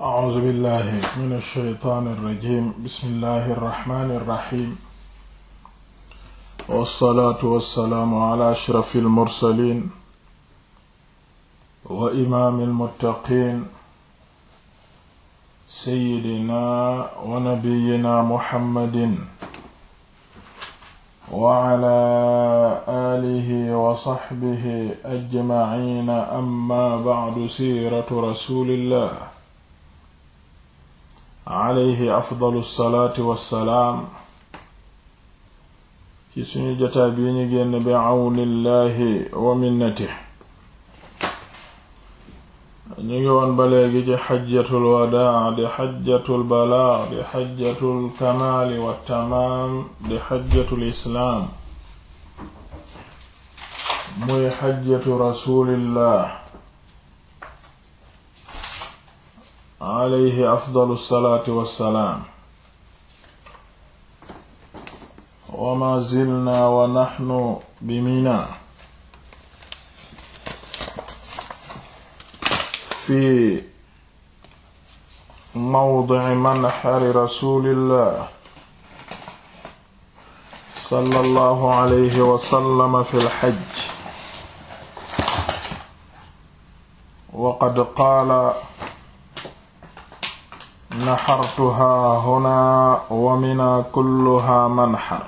a'uuzu billahi mina shaytaani rajiim bismillahi rahmaani rahiim wassalaatu wassalaamu ala ashrafil mursaliin wa imaamil muttaqiin sayyidinaa wa nabiyyinaa muhammadin wa ala aalihi wa saxbihi ajmaciina amma ba'du siiratu rasuulillah alayhi afdalu salaati wassalaam ci suñu jotaay bi ñu génn bi àwnillaahi wa minnati ñu ngi woon ba léegi ci xajjatul wadaa di xajjatul balaa di xajjatul kamaali wa tamaam di xajjatul islaam muy xajjatu alayhi afdalu salaati wassalaam wa ma zilna wa naxnu bi mina fi mawdici manxari rasulillah sallallahu alayhi wa sallam fi lxajj wa qad qaala naxartuhaa huna wa mina kulluhaa manxar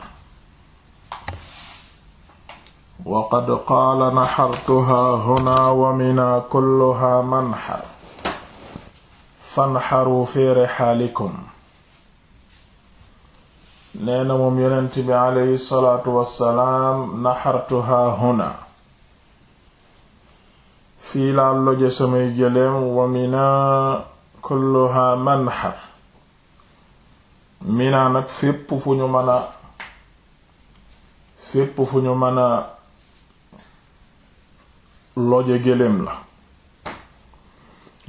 wa qad qaala naxartuhaa huna wa mina kulluhaa manxar fanxaruu fi rixaalikum nee na moom yonent bi aleyhi salaatu wassalaam naxartuhaa huna fii laa loje samay gëléem wa mina kulluha manhar Mina nag fépp fu ñu mën a fépp fu ñu mën a loje gëléem la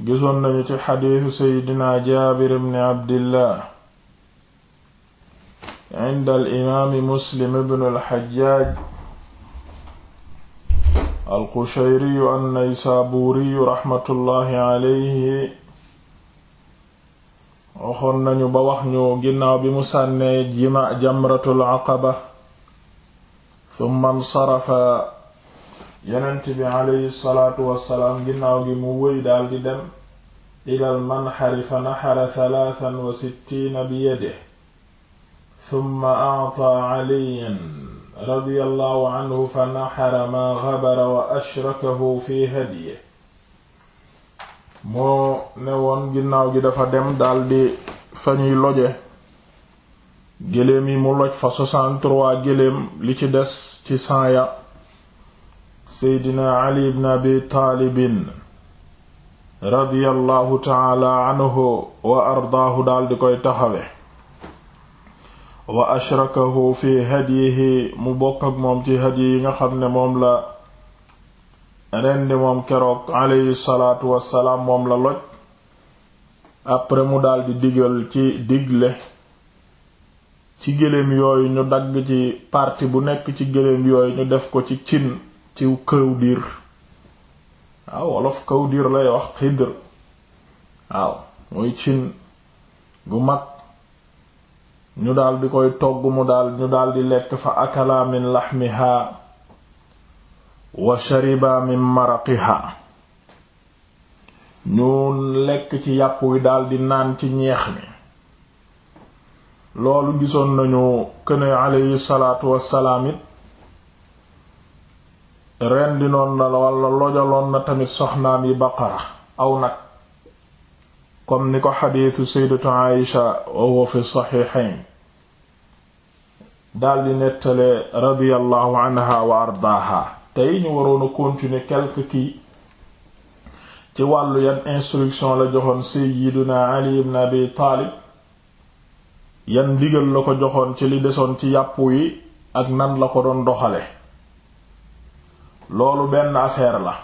gisoon nañu ci xadiisu seydina jaabir bni abdillah al imaami muslim bnu alxajjaaj alqusheyriyu annaysaabuuriyu waxoon nañu ba wax ñu ginnaaw bi mu sànnee jima jamratul aqaba thumma nsarafa yonent bi aleyhi salaatu wassalaam ginnaaw gi mu wëy daldi dem ilal manxari fa naxara talaatan wa sittiina bi yadihi thumma a'taa caliyan radiyallahu anhu fa naxara maa gabara wa ashrakahu fi hadyihi moo ne woon ginnaaw gi dafa dem daldi fa ñuy loje géléem yi mu loj fa géléem li ci des ci saaya seydina ali ibn taalibin radiyallahu taala anhu wa ardaahu daldi koy taxawe wa ashrakahu fi hadyihi mu bokk ak moom ci hadyi nga xam ne moom la ren di moom keroog aleyhi salaatu wassalaam moom la loj après mu daldi digal ci digle ci gëléem yooyu ñu dagg ci parti bu nekk ci gëléem yooyu ñu def ko ci cin ci këw diir waaw wolof këw lay wax xidr waaw muy cin gu mag ñu daldi koy togg mu daal ñu daldi lekk fa akala min laxmiha wa shariba min maraqiha ñu lekk ci yàpp wi daldi naan ci ñeex mi loolu gisoon nañu këne aleyhi salaatu wassalaam it rendi noon na walla lojaloon na tamit soxnaam yi baqara aw nag comme ni ko xadiisu sayyidatu Aïsha wa huwa fi saxiixayn daldi nettale radiyallahu anha wa ardaaha tey ñu waroon a continuer ki ci wàllu yan instruction la joxoon sayyiduna Ali ibn Abi Taalib yan ndigal la ko joxoon ci li desoon ci yàpp yi ak nan la ko doon doxale loolu benn affaire la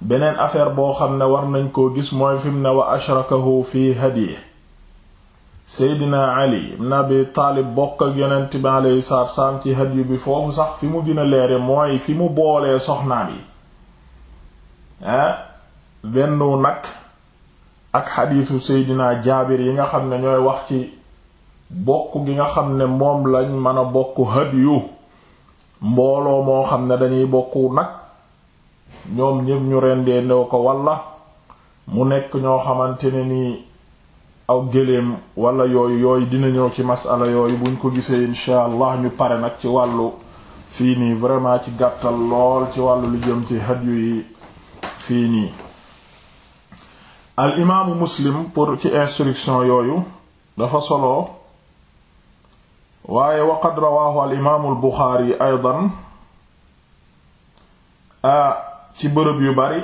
beneen affaire boo xam ne war nañ ko gis mooy fi mu ne wa ashrakahu fi hadiyi seydina ali ibn abi taalib bokk ak yonent bi alayhi salaatu salaam ci hadyu bi foofu sax fi mu gën a leere mooy fi mu boolee soxnaam yi ah bennu nag ak xadiisu seydina jaabir yi nga xam ne ñooy wax ci bokk gi nga xam ne moom lañ mën a bokk hadyu mbooloo moo xam ne dañuy bokk nag ñoom ñépp ñu rendee ndew ko walla mu nekk ñoo xamante ne nii aw gëléem walla yooyu yooyu dina ñëw ci masala yooyu buñ ko gisee incha allah ñu pare nag ci wàllu fii nii vraiment ci gàttal lool ci wàllu lu jëm ci hadyu yi fii nii al imaamu muslim pour ci instruction yooyu dafa solo waaye waqad rawaahu al imaamu al buxaari aydan ci bërëb yu bari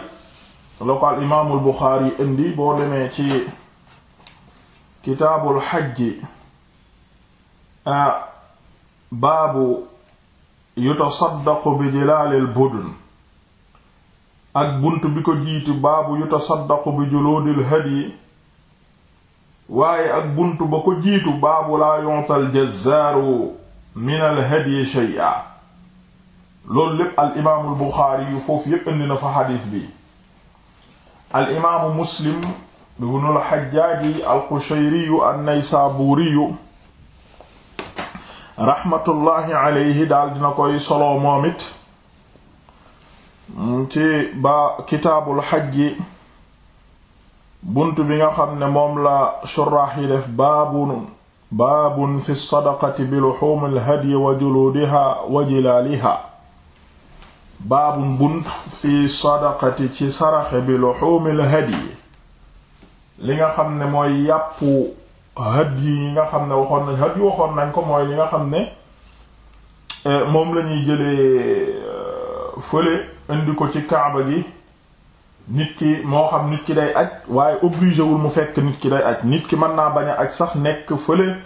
lo ko al imaamu al indi boo demee ci kitaabul xajji baabu yutasaddaqu bi jilaalil budun ak bunt bi ko jiitu baabu yutasaddaqu bi juluudil hadyi waaye ak bunt ba ko jiitu baabu laa yontal jazzaaru minal hadyi shay'a loolu lépp al imaamul buxaari yu foofu yépp indi na fa xadiis bi al imaamu muslim ibnu al-Hajjaaji al-Qushayriyu an-Naysaabuuriyu raxmatullahi daal dina koy solo moom it mm, ci bunt bi nga xam ne moom la shuraax yi def baabun fi sadaqati bi wa jilaaliha baabun bunt fi sadaqati ci bi luxuumil hadyi li nga xam ne mooy yàppu had yi nga xam ne waxoon nañ had nañ ko mooy li nga xam ne euh, moom la ñuy jëlee euh, fële indi ko ci kaaba gi nit ki moo xam nit ki day aj waaye obligé wul mu fekk nit ki day aj nit ki mën naa bañ ak sax nekk fële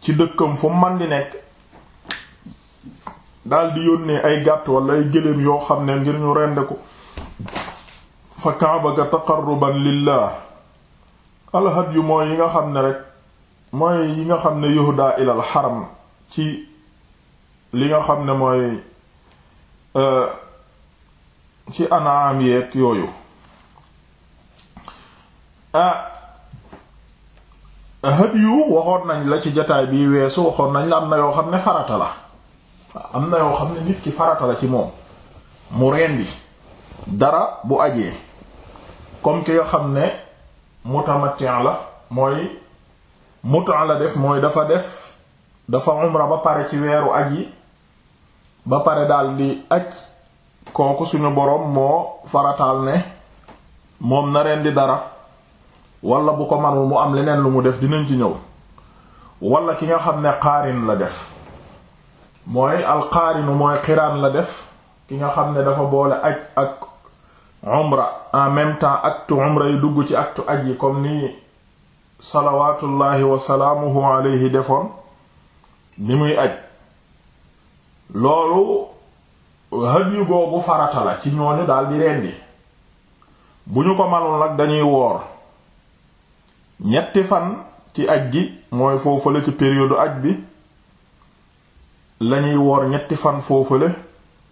ci dëkkam fu man di nekk daal di yónnee ay gàtt wala ay gëléem yoo xam ne ngir ñu rend ko fa kaaba ga taqarruban lillah alhad yu mooy yi nga xam ne rek mooy yi nga xam ne yuhda ilal xaram ci li nga xam ne mooy euh, ci anaam yeeg yooyu ah hëd yu waxoon nañ la ci jataay bi weesu waxoon nañ la am na yoo xam ne farata la am na yoo xam ne nit ki farata la ci moom mu rendi dara bu ajee comme ki nga xam ne mutamattin la mooy muta la def mooy dafa def dafa umra ba pare ci weeru aj yi ba pare dal di aj kooku suñu boroom moo farataal ne moom na ren di dara walla bu ko man mu am leneen lu mu def dinañ ci ñëw walla ki nga xam ne xaarin la def mooy alxaarinu mooy xiraan la def ki nga xam ne dafa boole aj ak umra en même temps acte umra yi dugg ci acte aj yi comme ni salawaatullaahi wasalaamuhu alayhi defoon ni muy aj loolu hadiyu googu farata la ci ñooñu daal di rendi bu ñu ko manoon nag dañuy woor ñetti fan ci aj gi mooy foofale ci période aj bi lañuy woor ñetti fan foofale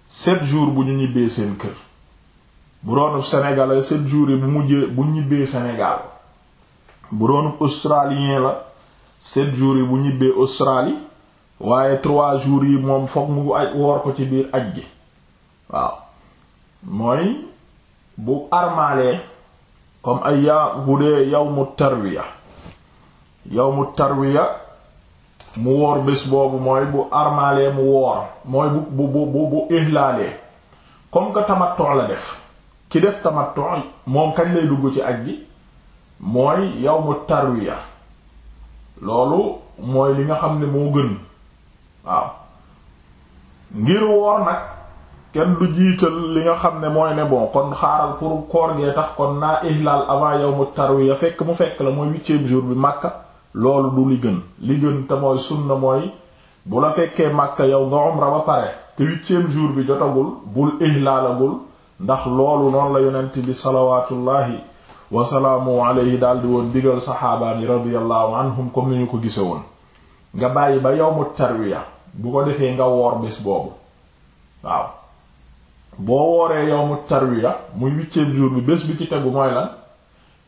sept jour bu ñu ñibbee seen kër bu doonub sénégalais cette journée bu mujjee bu ñibbee Sénégal bu doonub australien la set jours yi bu ñibbee Australie waaye trois jours yi moom fokk mu aj woor ko ci biir aj gi waaw mooy bu armaalee comme ay ya bu dee yawmu tarwiya yawmu tarwiya mu woor bés boobu mooy bu armaalee mu woor mooy bu bu bu bu ihlaalee comme que tamattu la def ki def tamattu moom kañ lay dugg ci aj gi mooy yawmu tarwiya loolu mooy li nga xam ne moo gën waaw ngir woor nag kenn du jiital li nga xam ne mooy ne bon kon xaaral pour koor gee tax kon naa ihlal avant yawmu tarwiya fekk mu fekk la mooy huitième jour bi Makka loolu du li gën li gën te mooy sunna mooy bu la fekkee Makka yow nga umra ba pare te huitième jour bi jotagul bul ihlalagul ndax loolu noonu la yonent bi salawaatullaahi wasalaamu alayhi daldi woon digal saxaabaan yi radiyallahu anhum comme ni ñu ko gise woon nga bàyyi ba yowmu tarwiya bu ko defee nga woor bés boobu waaw boo wooree yowmu tarwiya muy huitième jour bi bés bi ci tegu mooy lan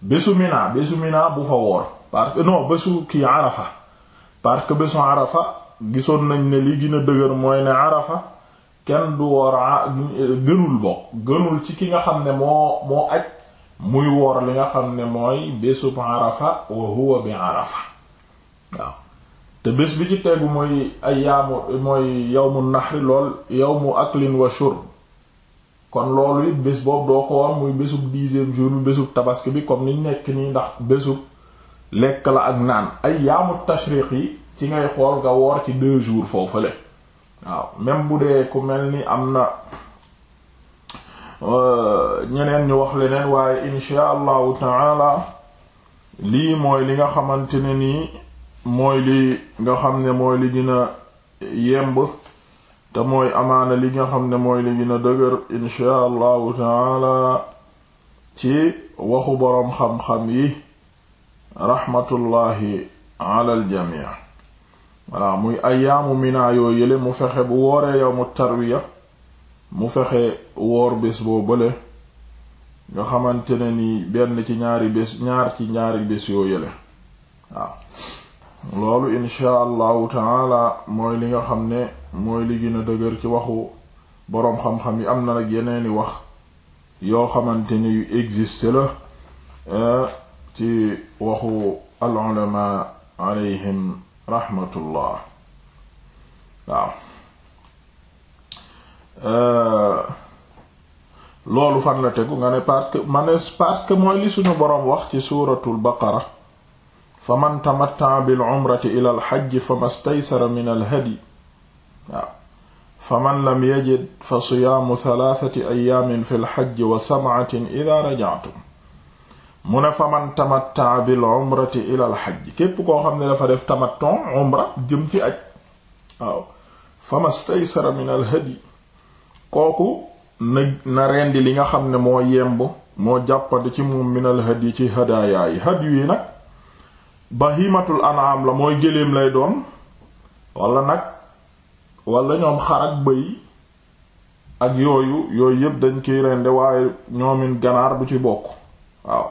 bésu Mina bésu Mina bu fa woor parce que non bésu kii Arafa parce que bésu Arafa gisoon nañ ne li gën dëgër mooy ne Arafa kenn du woor gënul bokk gënul ci ki nga xam ne moo moo aj muy woor li nga xam ne mooy bésub arafa wa huwa bi arafa waaw te bés bi ci tegu mooy ayaamu mooy yawmu naxri lool yawmu aklin wa shurb kon loolu it bés boobu doo ko woor muy bésub dixième jour bi bésub tabaski bi comme niñ nekk nii ndax bésub lekk la ak naan ayaamu tashriq yi ci ngay xool nga woor ci deux jours la waaw même bu dee ku mel ni am na euh, ñeneen ñu wax leneen waaye insha allahu taala lii mooy li nga xamante ni nii mooy li nga xam ne mooy li gën yemb te mooy amaana li nga xam ne mooy li gën a dëgër insha allahu taala ci waxu boroom xam-xam yi raxmatullahi ala al voilà muy ayaamu mina yoo yële mu fexe bu wooree yawmu tarwiya mu fexe woor bés boo bële nga xamante ni benn ci ñaari bés ñaar ci ñaari bés yoo yële waaw loolu insha allahu taala mooy li nga xam ne mooy li gën a dëgër ci waxu boroom xam-xam yi am na nag yeneeni wax yoo xamante ni yu existe la eh, ci waxu al ulama alayhim raxmatullah waaw euh, loolu fan la tegu nga ne parce que ma ne parce que mooy li suñu boroom wax ci suuratul baqara fa man tamatta'a bil umrati ila al hajj fa mastaysara min al hadi waaw fa man lam yajid fa siyaamu thalathati ayaamin fi al hajj wa sab'atin idha raja'tum mu ne faman tamatta bil umrati ilal xaj képp koo xam ne dafa def tamatton umra jëm ci aj waaw famastaysara min al hadi kooku na na rendi li nga xam ne moo yemb moo jàppandi ci moom min al hadi ci hadaaya yi hadiyu yi nag bahimatul an'am la mooy gëléem lay doom wala nag wala ñoom xar ak bëy ak yooyu yooyu yépp dañ koy rend waaye ñoomin ganaar bu ci bokk waaw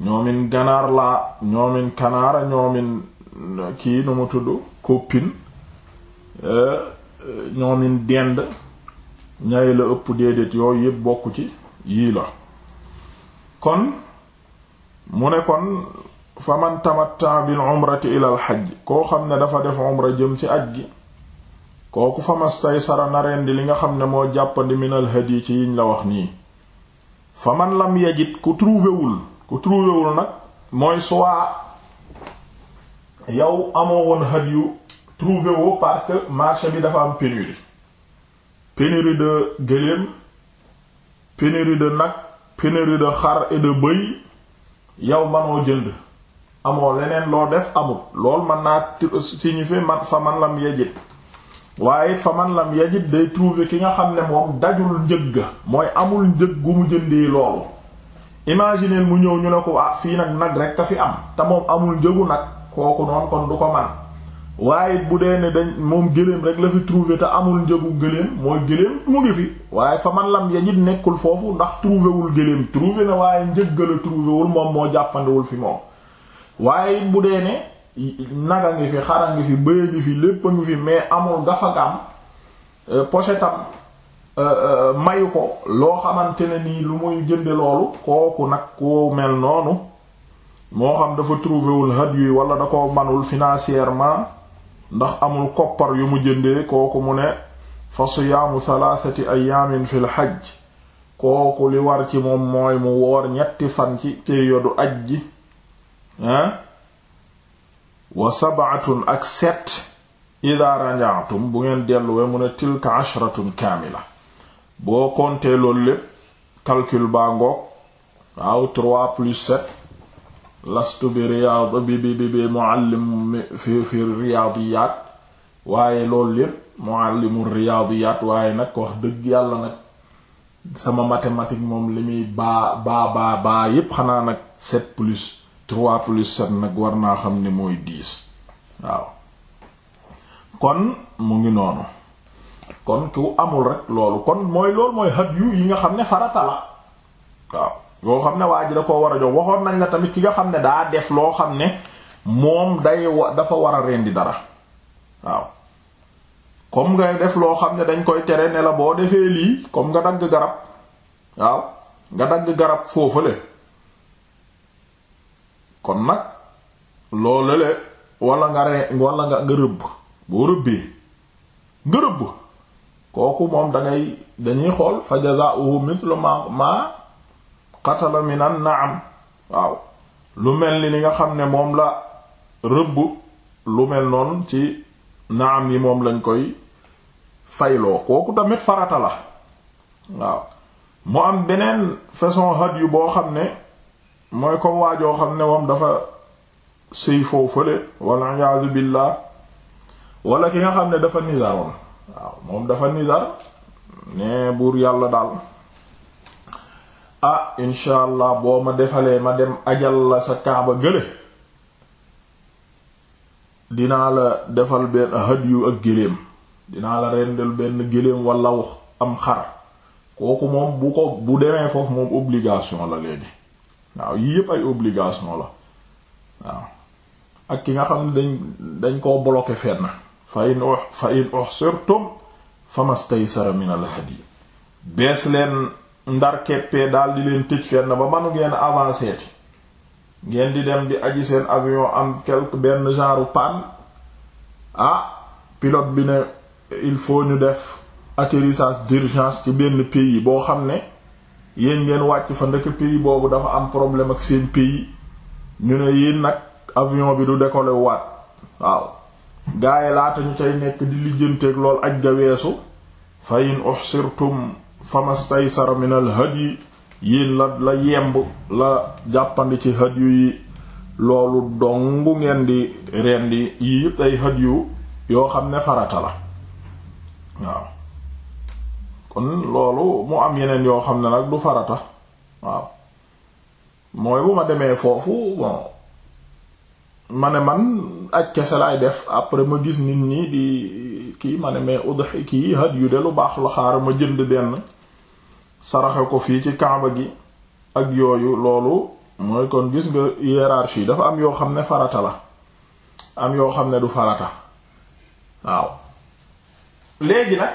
ñoomin ganaar laa ñoomin kanaara ñoomin eh, kii nu mu tudd koppin eh, eh, ñoomin dend ñaye la ëpp déedéet yooyu yëpp bokk ci yii la kon mu ne kon fa man tamatta bil umrati ila koo xam ne dafa def jëm ci aj gi kooku fa mastaysara na di li nga xam ne moo jàppandi minal hadi ci yiñ la wax nii fa man lam yajid ku trouvéwul ku trouvéwul nag mooy soit yow amoo woon hadyu trouvé woo parce marché bi dafa am pénurie pénurie de gëléem pénurie de nag pénurie de xar et bëy yow manoo jënd amoo leneen loo def amul lool man naa signifier man fa man lam yajit waaye fa man lam yajit day trouver ki nga xam ne moom dajul njëg ga mooy amul njëg gu mu jëndee loolu imaginer mu ñëw ñu ne ko ah fii nag nag rek a fi am te moom amul njëgu nag kooku noonu kon du ko man waaye bu dee ne dañ moom gëléem rek la fi trouver te amul njëgu gëléem mooy gëléem mu ngi fi waaye fa man lam yajid nekkul foofu ndax trouver wul gëléem trouver ne waaye njëg la trouver wul moom moo jàppandiwul fi moom waaye it bu dee ne naga ngi fi xara ngi fi bëya ngi fi lépp a ngi fi mais amul gafa gam eh, pochetam Euh, euh, mayu ko loo xamante ne lu muy jënde loolu kooku nag koo mel noonu moo xam dafa trouvéwul hadiyu yi wala da ko manul financièrement ndax amul koppar yu mu jëndee kooku mu ne fa siyaamu thalathati ayaamin fil hajj kooku li war ci moom mooy mu woor ñetti fan ci période aj ji hein wa sab'atun ak set ida raja'tum bu ngeen delluwe mu ne tilka ashratun kaamila boo compter loolu lépp calcul baa ngoog waaw 3 plus 7 lastu bi riyaad bi bi bi bi muallim fi fi riyaadiyaat waaye loolu lépp muallimu riyaadiyaat waaye nag wax dëgg yàlla nag sama mathématique moom li muy baa baa baa baa yépp xanaa nag 7 plus 3 plus 7 nag war naa xam ni mooy 10 waaw kon mu ngi noonu kon ku amul rek loolu kon mooy loolu mooy xat yu yi nga xam ne farata la waaw yoo xam ne waa ji da koo war a jox waxoon nañ la tamit ki nga xam ne daa def loo xam ne moom day dafa war a rendi dara waaw nga def loo xam ne dañ koy tere ne la boo defee lii comme nga dagg garab waaw nga dagg garab foofale kon nag loolu le wala nga re wala nga nga rëbb boo rëbbee nga rëbb kooku moom dangay dañuy xool fa jazaa'uhu mithlu ma ma qatala min na'am waaw lu mel ni li nga xam ne moom la rëbb lu mel noonu ci naam yi moom lañ koy fayloo kooku tamit farata la waaw mu am beneen façon had yu boo xam ne mooy comme waajoo xam ne moom dafa sëy foo fële walla iyaazu billaah wala ki nga xam ne dafa nisaaroon waaw moom dafa nizar ne buur yàlla daal ah incha boo ma defalee ma dem ajal la sa kaaba gële dinaa la defal benn hadyu ak géléem dinaa la rendal benn géléem wala wax am xar kooku moom bu ko bu demee foofu moom obligation la léegi waaw yii yépp ay obligation la waaw ak ki nga xam ne dañ dañ koo bloqué fenn fa in fa in uhsirtum famastaysara min al hadi bees leen ndar keppee daal di leen tëj fenn ba manu ngeen avancé ti ngeen di dem di aji seen avion am quelque benn genre panne ah pilote bi ne il faut ñu def atterrissage d'urgence ci benn pays boo xam ne yéen ngeen wàcc fa ndekk pays boobu dafa am problème ak seen pays ñu ne yéen nag avion bi du décoller waat waaw gaay laata ñu cay nekk di lijjanteeg lool aj ga weesu fa in uhsirtum famastaysara min al hadyi yéen la la yemb la jàppandi ci hadyu yi loolu dong ngeen di rendi yi yépp ay hadyu yoo xam ne farata la waaw kon loolu mu am yeneen yoo xam ne nag du farata waaw mooy bu ma demee foofu mane man ak kese laay def après ma gis nit nii di kii ma ne mais udhi kii had yu de lu baax la xaaral ma jënd benn saraxe ko fii ci kaaba gi ak yooyu loolu mooy kon gis nga hiérarchie dafa am yoo xam ne farata la am yoo xam ne du farata waaw léegi nag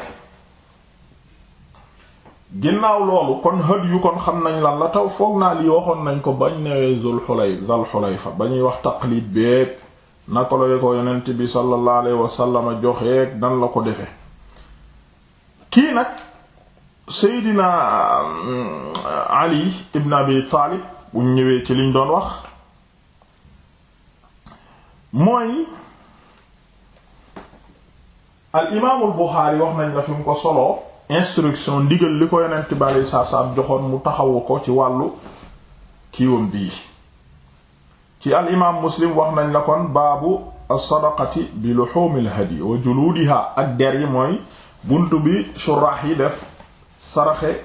ginnaaw loolu kon hëd yu kon xam nañ lan la taw foog naa lii waxoon nañ ko bañ newee zul xulay zal xulayfa ba ñuy wax taqlid beeg naka la ko yonent bi sallallahu alayhi wasallam joxeeg nan la ko defe kii nag seydina mm, ali ibn abi taalib buñ ñëwee ci liñ doon wax mooy al imaamul buxaari wax nañ la fi ko solo instruction ndigal li ko yonent bi alei saatu joxoon mu taxawu ko ci wàllu kiiwam bii ci al imaam muslim wax nañ la kon baabu as-sadaqati bi luhumil hadi wa juluudiha ak der yi mooy bunt bi suraax yi def saraxe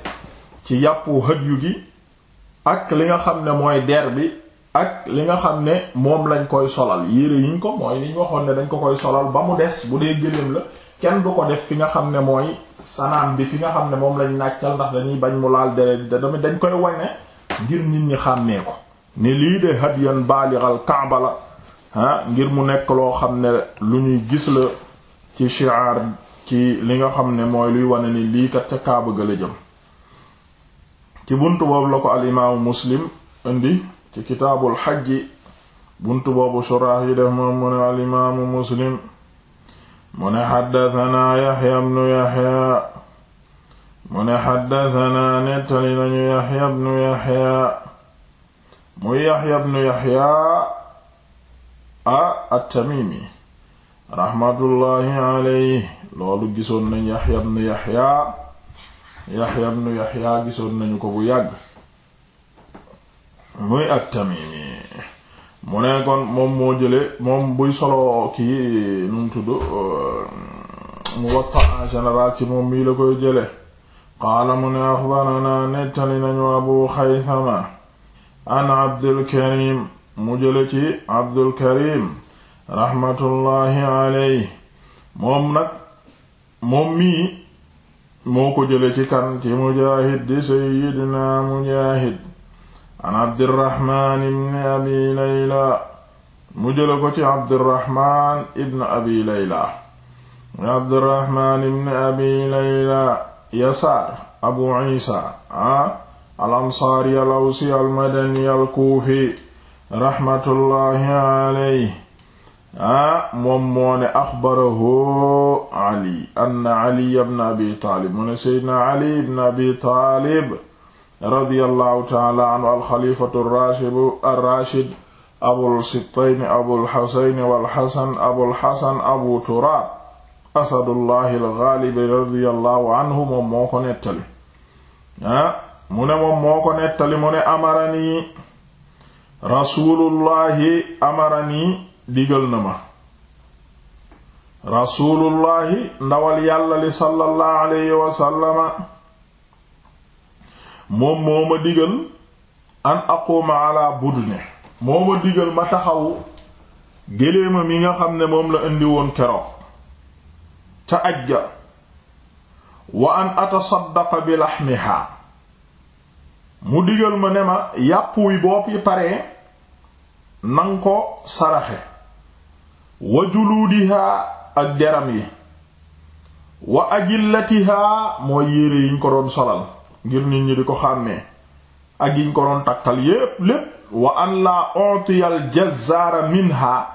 ci yàppu hadiyu gi ak li nga xam ne mooy der bi ak li nga xam ne moom lañ koy solal yére yiñ ko mooy liñ waxoon ne dañ ko koy solal ba mu des bu dee gëléem la kenn du ko def fi nga xam ne mooy sanaan bi fi nga xam ne moom lañ nàccal ndax dañuy bañ mu laal deret dama dañ koy wane ngir nit ñi xàmmee ko ne lii de hadiyan baalighal kaaba la ngir mu nekk loo xam ne lu ñuy gis la ci shi'ar ci li nga xam ne mooy luy wane ni lii kat ca kaaba ga ci buntu boobu la ko al imaamu muslim indi ci kitaabul xajji buntu boobu shuraax yi def moom mu ne al muslim mu ne xaddatanaa yaxya bnu yaxya mu ne xaddatanaa nettali nañu yaxya bnu yaxya muy yaxya bnu yaxya a attamimi raxmatullaahi loolu gisoon nañ yaxya bnu yaxya yaxya bnu yaxya gisoon nañu ko bu yàgg muy attamimi mu ne kon moom moo jële moom buy solo kii nu mu tudd euh, Muwatta en ci moom mii la koy jële qaala mu ne axbarana nettali nañu Abu Xaysama an Abdul Karim mu jële ci Abdul Karim raxmatullaahi aley moom nag moom mii moo ko jële ci kan ci Mujaahid di Seydina Mujaahid an abdirahman ibn abi layla mu jëla ko ci abdirahman ibn abi layla muy abdirahman ibn abi layla yasaar abu isa ah al ansaari al awsi al madani al kuufi raxmatullahi aleyhi ah moom moo ne axbarahu ali anna ali ibn abi taalib mu ne seydna ali ibn abi taalib radiyallahu taala anhu alxalifatu rashidu arrachid abulsibtayni abulxusayni walxasan abulxasan abu turaab asadullahi algaalibi radiyallahu anhu moom moo ko nettali ah mu ne moom moo ko nettali mu ne amaranii rasuulullahi amaranii digal na ma rasuulullahi ndawal yàlla li sallallahu alayhi wasallama moom moo ma digal an aquma ala budne moo ma digal ma taxawu géléema mi nga xam ne moom la indi woon keroog ca ajja wa an atasaddaqa bi laxmihaa mu digal ma ne ma yàpp wi bopp yi paree nan ko saraxe wa juluudihaa ak deram yi wa ajillatihaa mooy yére yiñ ko doon solal ngir nit ñi di ko xàmmee ak yiñ ko doon takkal yépp lépp wa an la utiyal jazzara minha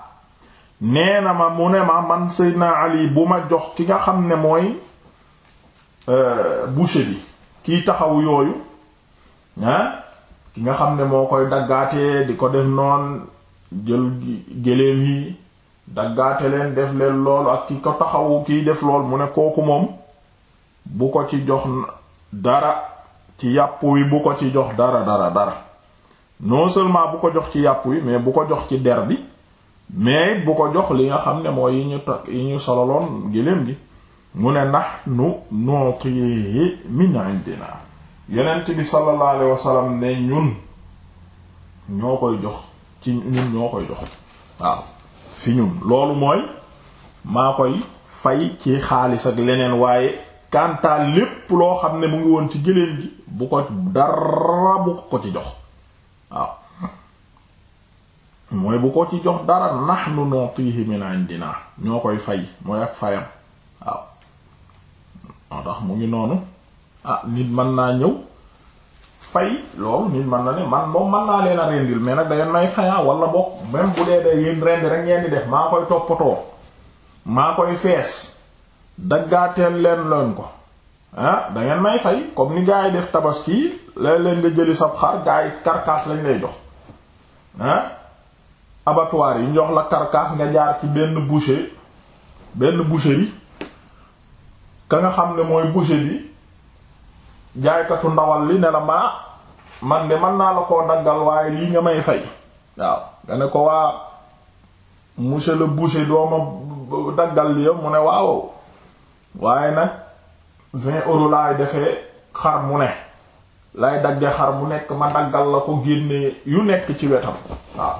nee na ma mu ne ma man Seydina Ali bu ma jox ki nga xam ne mooy euh, boucher bi kiy taxaw yooyu ah ki nga xam ne moo koy daggaatee di ko def noon jël géléem yi daggaate leen def leen loolu ak ki ko taxawu kiy def lool mu ne kooku moom bu ko ci jox dara ci yàpp wi bu ko ci jox dara dara dara non seulement bu ko jox ci yàpp wi mais bu ko jox ci der bi mais bu ko jox li nga xam ne mooy yi ñu takk yi ñu sololoon géléem gi mu ne nahnu nu'tihi min indina yonent bi sallallahu alayhi wasallam ne ñun ñoo koy jox ci ñun ñoo koy jox waaw fi ñun loolu mooy maa koy fay ci xaalis ak leneen waaye kanta lépp loo xam ne mu ngi woon ci gëléem gi bu ko dara bu ko ci jox waaw mooy bu ko ci jox dara nahnu nutihi min dinaa ñoo koy fay mooy ak fayam waaw moo tax mu ngi noonu ah nit mën naa ñëw fay loolu nit mën na ne man moom man naa leen a rendil mais nag dangeen may faya ah, wala bokk même bu dee da yéen rendi rek ngeen di def maa koy toppatoo maa koy fees daggaateel leen leen ko ah da ngeen may fay comme ni gaa yi def tabaski yi leen leen nga jëli sab xar gaa yi carcasse lañ lay jox ah abattoir yi njox la karkaas nga jaar ci benn boucher benn yi ka nga xam ne mooy boucher bi jaaykatu ndawal li ne la maa man de mën naa la koo daggal waaye lii nga may fay waaw nga ne ko waa monsieur le boucher dooma daggal li mu ne waaw waaye nag vingt euros laay defee xar mu ne lay dagge xar mu nekk ma daggal la ko génne yu nekk ci wetam waaw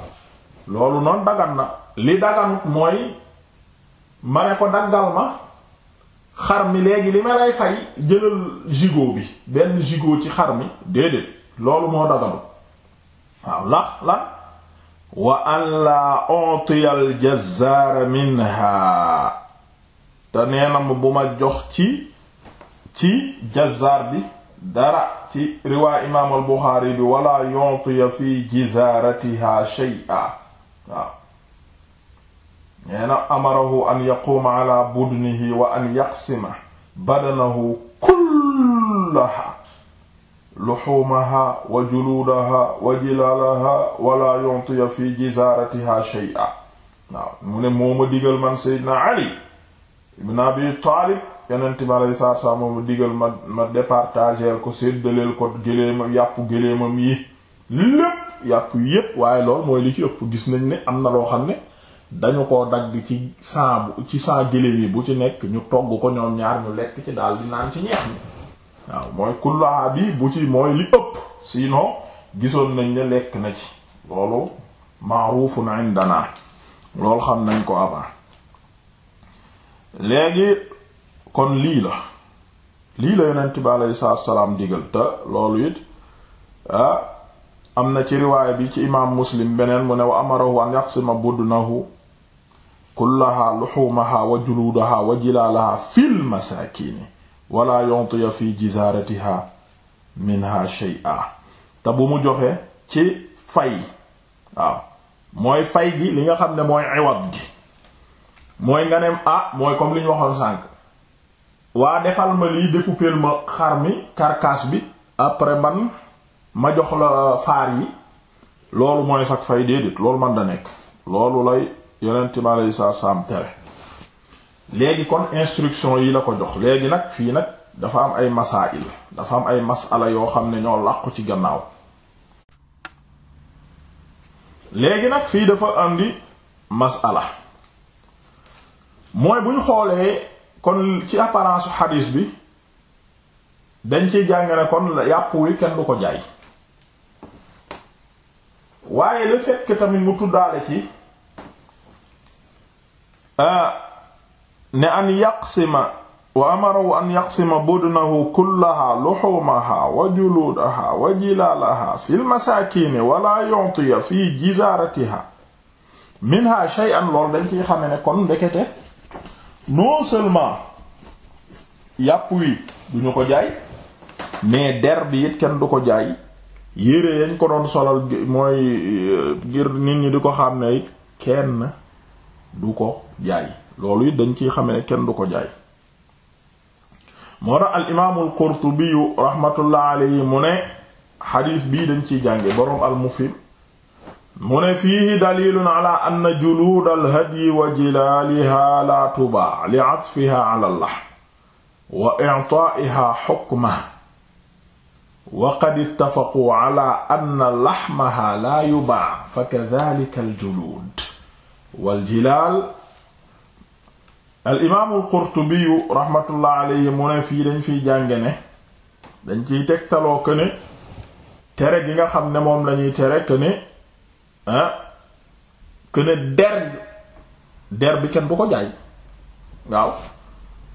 loolu noonu dagan na li daganut mooy ma ko daggal ma xar mi léegi li ma lay fay jëlal gigot bi benn gigot ci xar mi déedéet loolu moo daganut waaw la la wa an la ontiya minha te nee na bu ma jox ci ci jazaar bi dara ci riwaay imaam al Buxaari bi wala yontiya fi jizaaratiha shay'a waaw nee na amarahu an yaquuma ala budnihi wa an yaqsima badanahu kullaha luxuumaha wa juluudaha wa jilaalaha wala yontiya fi jizaaratiha shay'a waaw mu ne mooma digal man Seydina Ali naa abi taalib yonent bi aleyhi salaatu salaam moom digal ma ma départageel ko séddaleel ko géléemam yàpp géléemam yi lépp yàpp yépp waaye lool mooy li ci ëpp gis nañ ne am na loo xam ne dañu ko dagg ci cent bu ci cent géléem yi bu ci nekk ñu togg ko ñoom ñaar ñu lekk ci daal di naan ci ñeex mi waaw mooy kullaha bi bu ci mooy li ëpp sinon gisoon nañ ne lekk na ci loolu ma'rufun indana loolu xam nañ ko avant léegi kon lii la lii la yonent bi aleyhi salaatu salaam digal te loolu it am na ci riwaay bi ci imaam muslim beneen mu ne wa amarahu an yaqsima budnahu kullaha luhumaha wa juluudaha wa jilaalaha fil masaakini wala yontiya fi jizaaratiha minha shay'a te bu mu joxe ci fay waaw mooy fay gi li nga xam ne mooy iwad gi mooy nga ne ah mooy comme li ñu waxoon sànq waa defal ma lii découper ma xar mi carcasse bi après man ma jox la faar yi loolu mooy sax fay déedéet loolu man da nekk loolu lay yonent bi aleyhi salaatu salaam tere léegi kon instruction yi la ko jox léegi nag fii nag dafa am ay masail dafa am ay masala yoo xam ne ñoo làqu ci gannaaw léegi nag fii dafa andi masala mooy bu xoolee kon ci apparence xadiis bi dañ ci jàng ne kon yàpp wi kenn du ko jaay waaye le fait que tamit mu tuddaale ci ah, ne an yaqsima wa amarahu an yaqsima budnahu kullaha luhumaha wa juludaha wa jilaalaha fil masaakiini wala yu'tiya fi jizaaratiha minha shay'an lool dañ ciy xame ne kon ndekete non seulement yàpp wi duñu ko jaay mais der bi it kenn du ko jaay yére yañ ko doon solal mooy euh, ngir nit ñi di ko xam ne it kenn du ko jaay loolu it dañ ci xam ne kenn du ko jaay moo tax al imaamul qurtubiyu rahmatullah alayhi mu ne xadiis bii dañ ciy jànge boroom al mufid mu ne fiihi dalilun ala anna juluud alhadyi wa jilaaliha la tubaa li atfiha ala allah wa i'taa'iha hukma wa qad ittafaquu ala anna laxmaha la yubaa fa kadhalika aljuluud wal jilaal al imaamu alqurtubiyu raxmatullah alayhi mu ne fii dañ fiy jànge ne dañ ciy tegtaloo ko ne tere gi nga xam ne moom lañuy tere ko ne ah que der der bi kenn du ko jaay waaw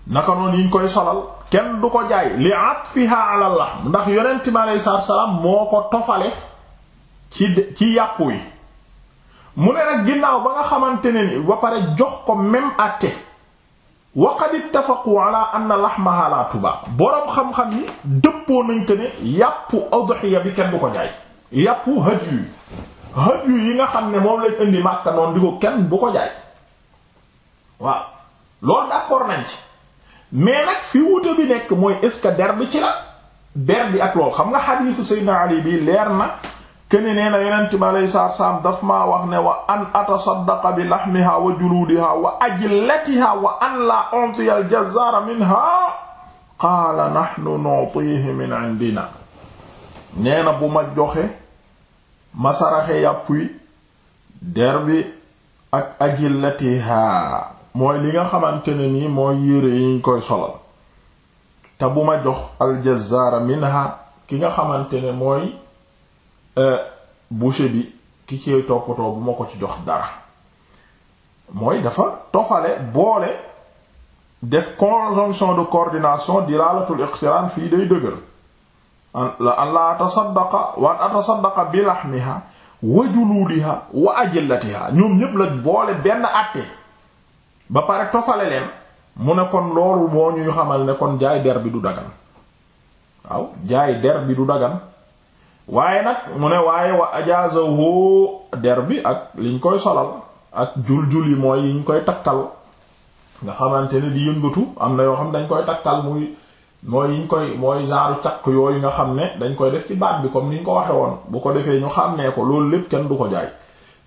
naka noonu yi koy solal kenn du ko jaay li atfiha ala lahm ndax yonent bi aleyhi salaatu salaam moo ko tofale ci ci yàpp wi mu ne nag ginnaaw ba nga xamante ne ni ba pare jox ko même àtte wa qad ittafaqu ala anna lahmaha la tuba boroom xam-xam yi dëppoo nañ ko ne yàppu udhiya bi kenn du ko jaay yàppu hadyu hadiyu yi nga xam ne moom lañ indi Makka noonu di ko kenn du ko jaay waaw loolu d'accord nañ ci mais nag fi wute bi nekk mooy est ce que der ci la der bi ak loolu xam nga xadiisu Seydina Ali bi leer na kene nee na yonent bi aleyhi salaatu daf maa wax ne wa an atasaddaqa bi lahmiha wa juluudiha wa ajlatiha wa an la ontiya al minha qaala nahnu nu'tihi min nee na bu ma joxe ma saraxe yàpp wi der bi ak ajillatihaa mooy li nga xamante ne nii mooy yére yi ñu koy solal te bu ma jox aljazaara minha ki nga xamante ne mooy e, boucher bi ki ci toppatoo bu ma ko ci jox dara mooy dafa toxale boole def conjonction de coordination di laalatul iqtiraan fii day dëgër la an la atasaddaqa wa atasaddaqa bi lahmiha wa juludiha wa ajillatiha ñoom ñépp la boole benn àtte ba pare tofale leen mu ne kon loolu moo ñuy xamal ne kon jaay der bi du dagan waaw jaay der bi du dagan waaye nag mu ne waaye wa ajazahu der bi ak liñ koy solal ak jul-jul yi mooy yiñ koy takkal nga xamante ne di yëngatu am na yoo xam dañ koy takkal muy mooy yiñ koy mooy genre caq yooyu nga xam ne dañ koy def ci baat bi comme niñ ko waxe woon bu ko defee ñu xàmmee ko loolu lépp kenn du ko jaay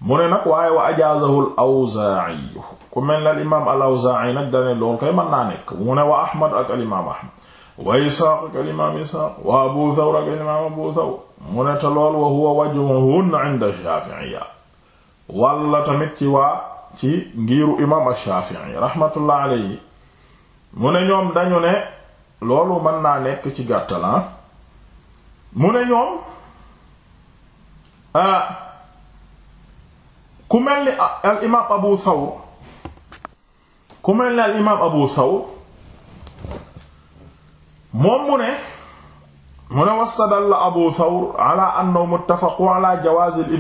mu ne nag waaye wa ajaazahu al awzaa'i ku mel na al imaam al awzaa'i nag dane loolu koy mën naa nekk mu wa ahmad ak al imaam ahmad wa isaaq ak al imaam wa abu thawr ak al imaam abu mu ne te lool wa huwa wajhun 'inda shafi'iyya walla tamit ci waa ci ngiiru imaam al mu ne ñoom dañu ne loolu mën naa nekk ci gàttalan ah. mu ne ñoom ah, ku mel ni al abu thawr ku mel ni al abu thawr moom mu ne mu ne wastadalla abu thawr ala annahu muttafaqu ala jawaazi al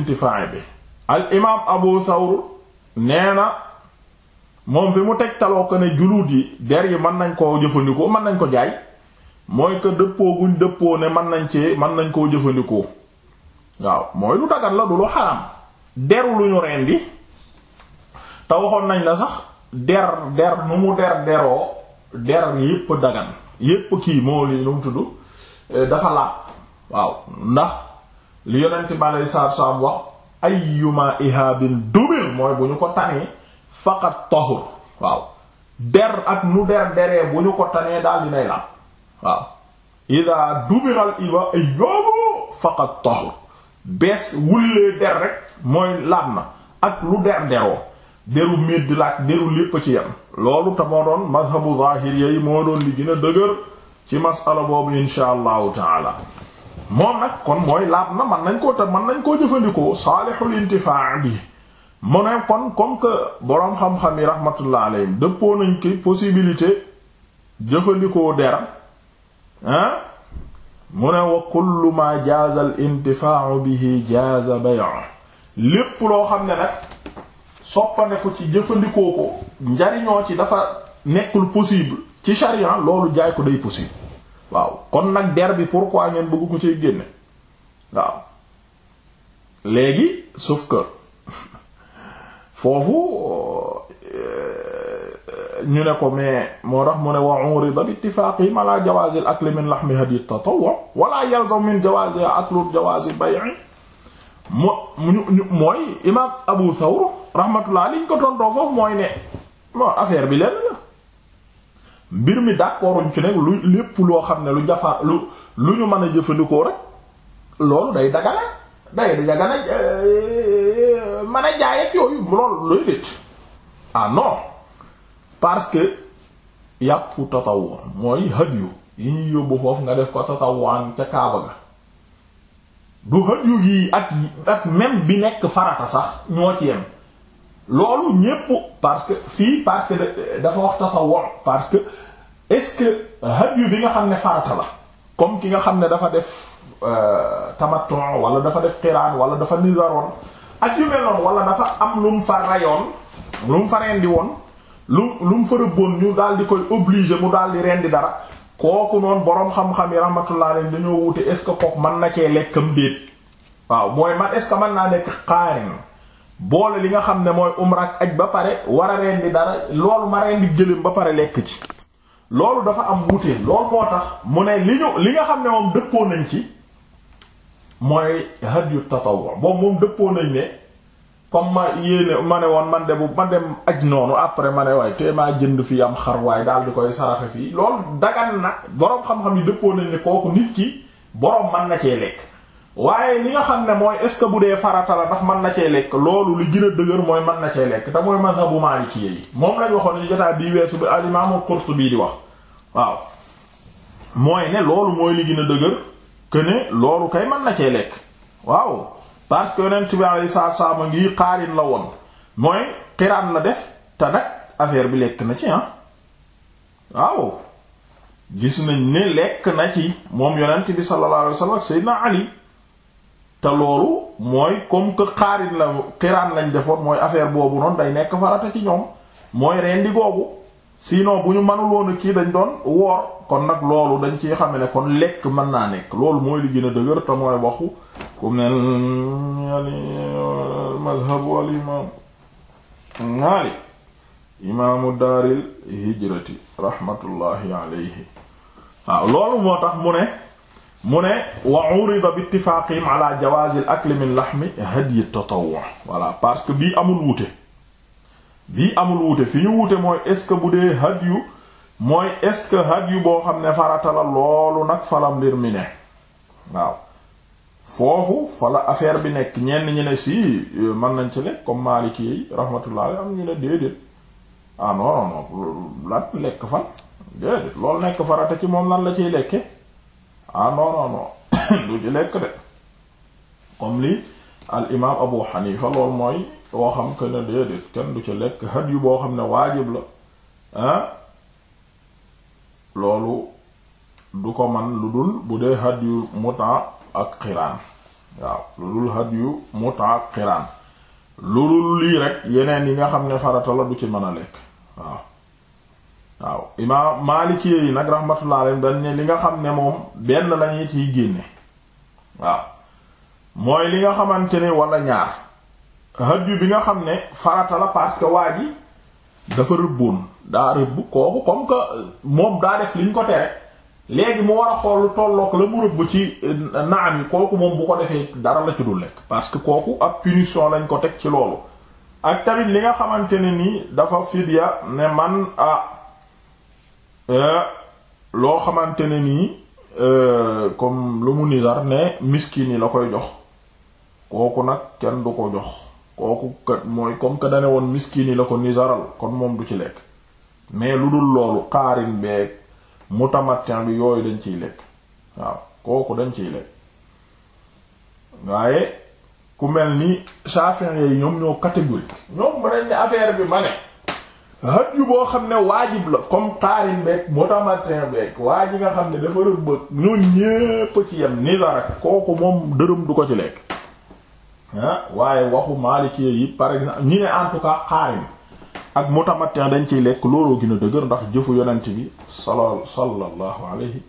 bi al imaam abu thawr nee moom fi mu teg taloo ko ne juluut yi der yi mën nañ koo jëfandikoo mën nañ ko jaay mooy que dëppoo guñ dëppoo ne mën nañ cee mën nañ koo jëfandikoo waaw mooy lu dagat la du lu xaraam deru lu ñu rendi te waxoon nañ la sax der der nu mu der deroo der yépp dagan yépp kii moo li lu mu tudd eh, dafa laab waaw ndax li yonent bi alei salatu salaam wax ayyuma ihabin dumir mooy bu ñu ko tanee faqat tahur waaw der ak mu der deree bu ñu ko tanee daal di nay laab waaw ida dubiral iba yoobu faqat tahur bees wullee der rek mooy laab na ak lu der deroo deru médd laa deru lépp ci yam loolu tamoo doon mazhabu zahiriya yi moo doon li gën dëgër ci masala boobu insha allahu taala moom nag kon mooy laab na man nañ koo te man nañ koo jëfandikoo saalixul intifaa bi mu ne kon comme que boroom xam-xam yi rahmatullah alayhim dëppoo nañ ki possibilité jëfandikoo der ah mu ne wa kullu ma jaaza al intifaa'u bihi jaaza bay'u lépp loo xam ne nag soppane ko ci jëfandikoo ko njariñoo ci dafa nekkul possible ci sharia loolu jaay ko day possible waaw kon nag der bi pour pourquoi ngeen bëgg ko ciy génne waaw léegi sauf que foofu euh, ñu ne ko mais moo tax ne wa urida bi ittifaqihim ala jawaz al akl min lahmi hadi tatawwu wala yalzam min jawaz aklu jawaz bay'i mu ñu mooy imam Abu Thawr rahmatullah liñ ko tontoo foofu mooy ne moo affaire bi lenn mbir mi d'accorduñ ci nekk lu lépp loo xam ne lu jafa lu ñu mën a jëfandikoo rek loolu day dagana day dagana euh, mën a jaay ak yooyu lool looy déet ah non parce que yàpp tatawu mooy hadyu yi ñuy yóbbu foofu nga def ko tatawuwaan ca Kaaba ga du hadyu yii ak ak même bi nekk farata sax ñoo ci yem loolu ñépp parce que fii parce que dafa wax tatawu parce que est-ce que hadyu bi nga xam ne farata la comme ki nga xam ne dafa def euh, tamattu wala dafa def xiraan wala dafa nizaroon ak yu mel wala dafa am lu mu fa rayoon lu mu fa rendi woon lu lum fa rëbboon ñu daal di koy obligé mu daal di rendi dara kooku noonu boroom xam-xam yi rahmatullah alayhi dañoo wute est ce que kook na cee lekkam déet waaw mooy ma est ce que naa nekk xaarin boole li nga xam ne mooy umra ak aj ba pare war a rendi dara loolu ma rendi gëléem ba pare lekk ci loolu dafa am wute loolu moo tax mu ne li ñu li nga xam ne moom dëppoo nañ ci mooy hadyu tatawwu boobu moom dëppoo nañ ne comme ma yéene ma ne woon man de bu ma dem aj noonu après ma ne waay te maa jënd fi am xar waay daal di koy saraxe fii loolu dagan na boroom xam-xam yi dëppoo nañ ne kooku nit ki boroom mën na cee lekk waaye li nga xam ne mooy est ce que bu dee farata la ndax man na cee lekk loolu li gën a dëgër mooy man na cee lekk te mooy mazhabu maalikiyya yi moom lañ waxoon ci jotaay bii weesu bi al imaam Qurtubi di wax waaw loolu mooy que ne loolu kay mën na cee lekk waaw parce que yonent bi alayhi salaatu wa ngi xaarin la woon mooy xiraan la def te nag affaire bi lekk na ci ah waaw gis nañ ni lekk na ci moom yonent bi sallallahu alayhi wasallam Seydina Ali te loolu mooy comme que xaarin la xiraan lañ defoon mooy affaire boobu noonu day nekk farata ci ñoom mooy rendi googu sinon bu ñu mënul woon kii dañ doon woor kon nag loolu dañ ci xam ne kon lekk mën naa nekk loolu mooy li gën a dëgër te mooy waxu ku mel ni mazhabu al imaamu daaril hijrati rahmatullahi alayhi waaw loolu moo tax mu ne mu ne wa urida bi ittifaqihim ala jawaz al akl min lahmi hadiy at-tatawwu parce que bii amul wuute bii amul wuute fi ñu wuute mooy est-ce bu dee hadyu mooy est-ce que boo xam ne farata la loolu nag fala mbir mi ne waaw foofu fala affaire bi nekk ñenn ñi ne si euh, mën nañ ci lekk comme Maliki yi rahmatullah am ñu ne déedéet ah non non lan lekk fan déedéet loolu nekk farata ci moom lan la ciy lekke ah non non non ci lekk de comme li al imaam Abu Hanifa loolu mooy. koo xam que ne déedéet kenn du ci lekk had yu boo xam ne waajib la ah loolu du ko man lu dul bu dee had yu muta ak xiraan waaw lu dul had yu muta ak xiraan lu dul lii rek yeneen yi nga xam ne farata la du ci mën a lekk waaw waaw imaam Maliki yi nag rahmatullah alayhi dañ li nga xam ne moom benn lañuy ciy génne waaw mooy li nga xamante ne ñaar hajju bi nga xam ne farata la parce que waa ji dafa rëbboon daa rëbb kooku comme que euh, moom daa def liñ ko tere léegi mu war a tollook la mu rëbb ci euh, naan yi kooku moom bu ko defee dara la ci dul lekk parce que kooku ab punition lañ ko teg ci loolu ak tamit li nga xamante ne nii dafa fidya ne man ah euh, loo xamante ne nii comme lu mu nizar ne miskin yi la koy jox kooku nag kenn du ko jox kooku kat mooy comme que dane woon miskin yi la ko nizaral kon moom du ci lekk mais lu dul loolu xaarin beeg mutamattin bi yooyu dañ ciy lekk waaw kooku dañ ciy lekk waaye ku mel ni Shafi'i yi ñoom ñoo catégorique ñoom mën nañ ne affaire bi ma ne haj yu boo xam ne waajib la comme xaarin beeg mutamattin beeg waa ji nga xam ne dafa rëbb ñoo ñépp ci yem nizar kooku moom dërëm du ko ci lekk waaye waxu maalikee yi par exemple ñi ne en tout cas xaarim ak mutamattin dañ ciy lekk looloo gën a dëgër ndax jëfu yonent bi solo sallallahu alayhi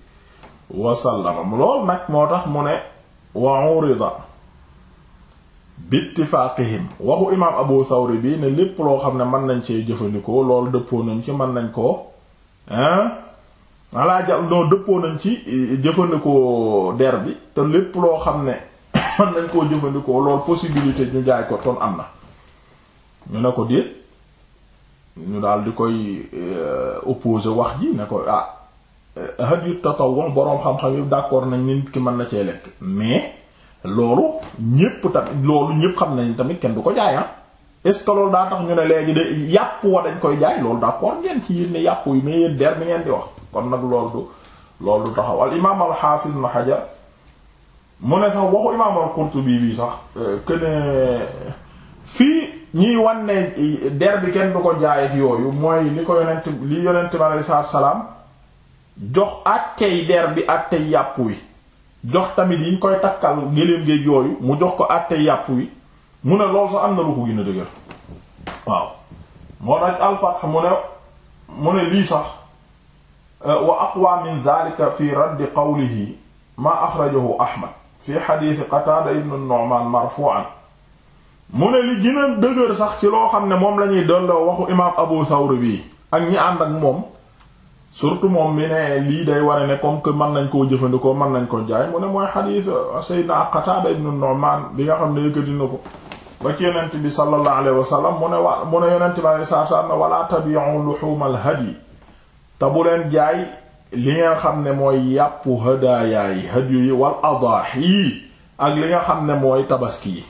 wasallam loolu nag moo tax mu ne wa urida bi ittifaaqihim waxu imaam abu thawri bi ne lépp loo xam ne mën nañ cee jëfandikoo loolu dëppoo nañ ci mën nañ ko hein alaa ja doo dëppoo nañ ci jëfandikoo der bi te lépp loo xam ne mën nañ koo jëfandikoo lool possibilité ñu jaay ko ton am ne ko déet ñu daal di koy euh, opposé wax ji ne ko ah euh, had yu tatawwu boroom xam-xam yi d'accord nañ nit mën na cee lekk mais loolu ñépp tamit loolu ñépp xam nañ tamit kenn du ko jaay ah est-ce que loolu daa tax ñu ne léegi de yàpp wa dañ koy jaay loolu d'accord ngeen ci yéen yàpp yi mais yéen der bi ngeen di wax kon nag loolu du loolu du taxaw al imaam al na xajar mu ne sax waxu imaam al-Qurtubi bii sax euh, que ne fii ñiy wan ne euh, der bi kenn du ko jaay yooyu mooy li ko yonent li yonent bi aleyhi salaatu salaam jox àttey der bi yàpp wi jox tamit yi ñu koy takkal géléem géej yooyu mu jox ko àttey yàpp wi mu ne loolu sax am na lu ko gën a dëgër waaw moo tax al mu ne mu ne lii sax euh, wa aqwa min zalika fi radd qawlihi ma axrajahu Ahmad fi xadiisi Qataada ibnu Nu'maan marfu'an mu ne li gën a sax ci loo xam ne moom lañuy delloo waxu imaam Abu Thawr bii ak ñi ànd ak moom surtout moom mi ne lii day ware ne comme que mën nañ koo jëfandikoo man nañ ko jaay mu ne mooy xadiis Seydina Qataada ibnu Nu'maan bi nga xam ne yëkkati ko ba ci yonent bi sallallahu alayhi wa sallam mu ne waa mu ne yonent bi sallallahu alayhi wa sallam wala tabi'u luhumal hadi te jaay li nga xam ne mooy yàppu hadaaya yi hadyu yi wal adaax yi ak li nga xam ne mooy tabaski yi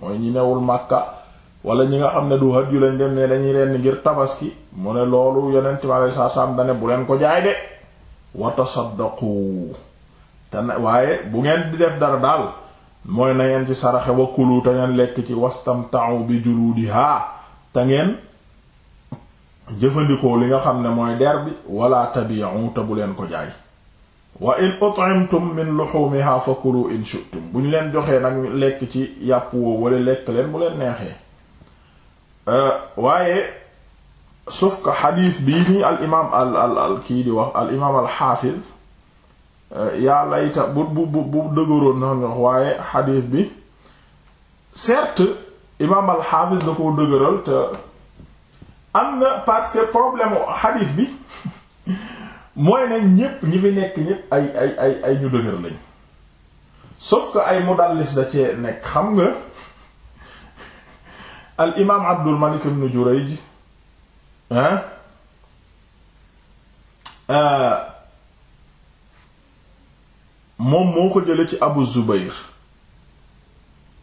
mooy ñi newul màkka wala ñi nga xam ne du hadyu lañ dem ne dañuy leen ngir tabaski mu ne loolu yeneen bi alei satu salaam dane bu leen ko jaay de wa tasaddaqu te waaye bu ngeen di def dara daal mooy na ngeen ci saraxe wa kulu te ngeen lekk ci wastam wastamta'u bi juludiha te ngeen jëfandikoo li nga xam ne mooy der bi wala tabi'u te bu leen ko jaay wa in ut'imtum min luhumiha fakulu in shi'tum bu ñu leen joxee nag lekk ci yàpp woowu wala lekk leen bu leen neexee euh, waaye sauf que xadiis bii nii al imaam al al al kii di wax al imaam al xaafiz euh, yaa layta bu bu bu bu dëgëroon na xam ne waaye xadiis bi certes imaam al xaafiz da koo dëgëral te am na parce que problème xadiis bi mooy ne ñépp ñi fi nekk ñépp ay ay ay ay ñu dëgër lañ sauf que ay mudallis da cee nekk xam nga al imaam Abdul Malik ibn Jurayj euh, moom moo ko jële ci Abu Zubayr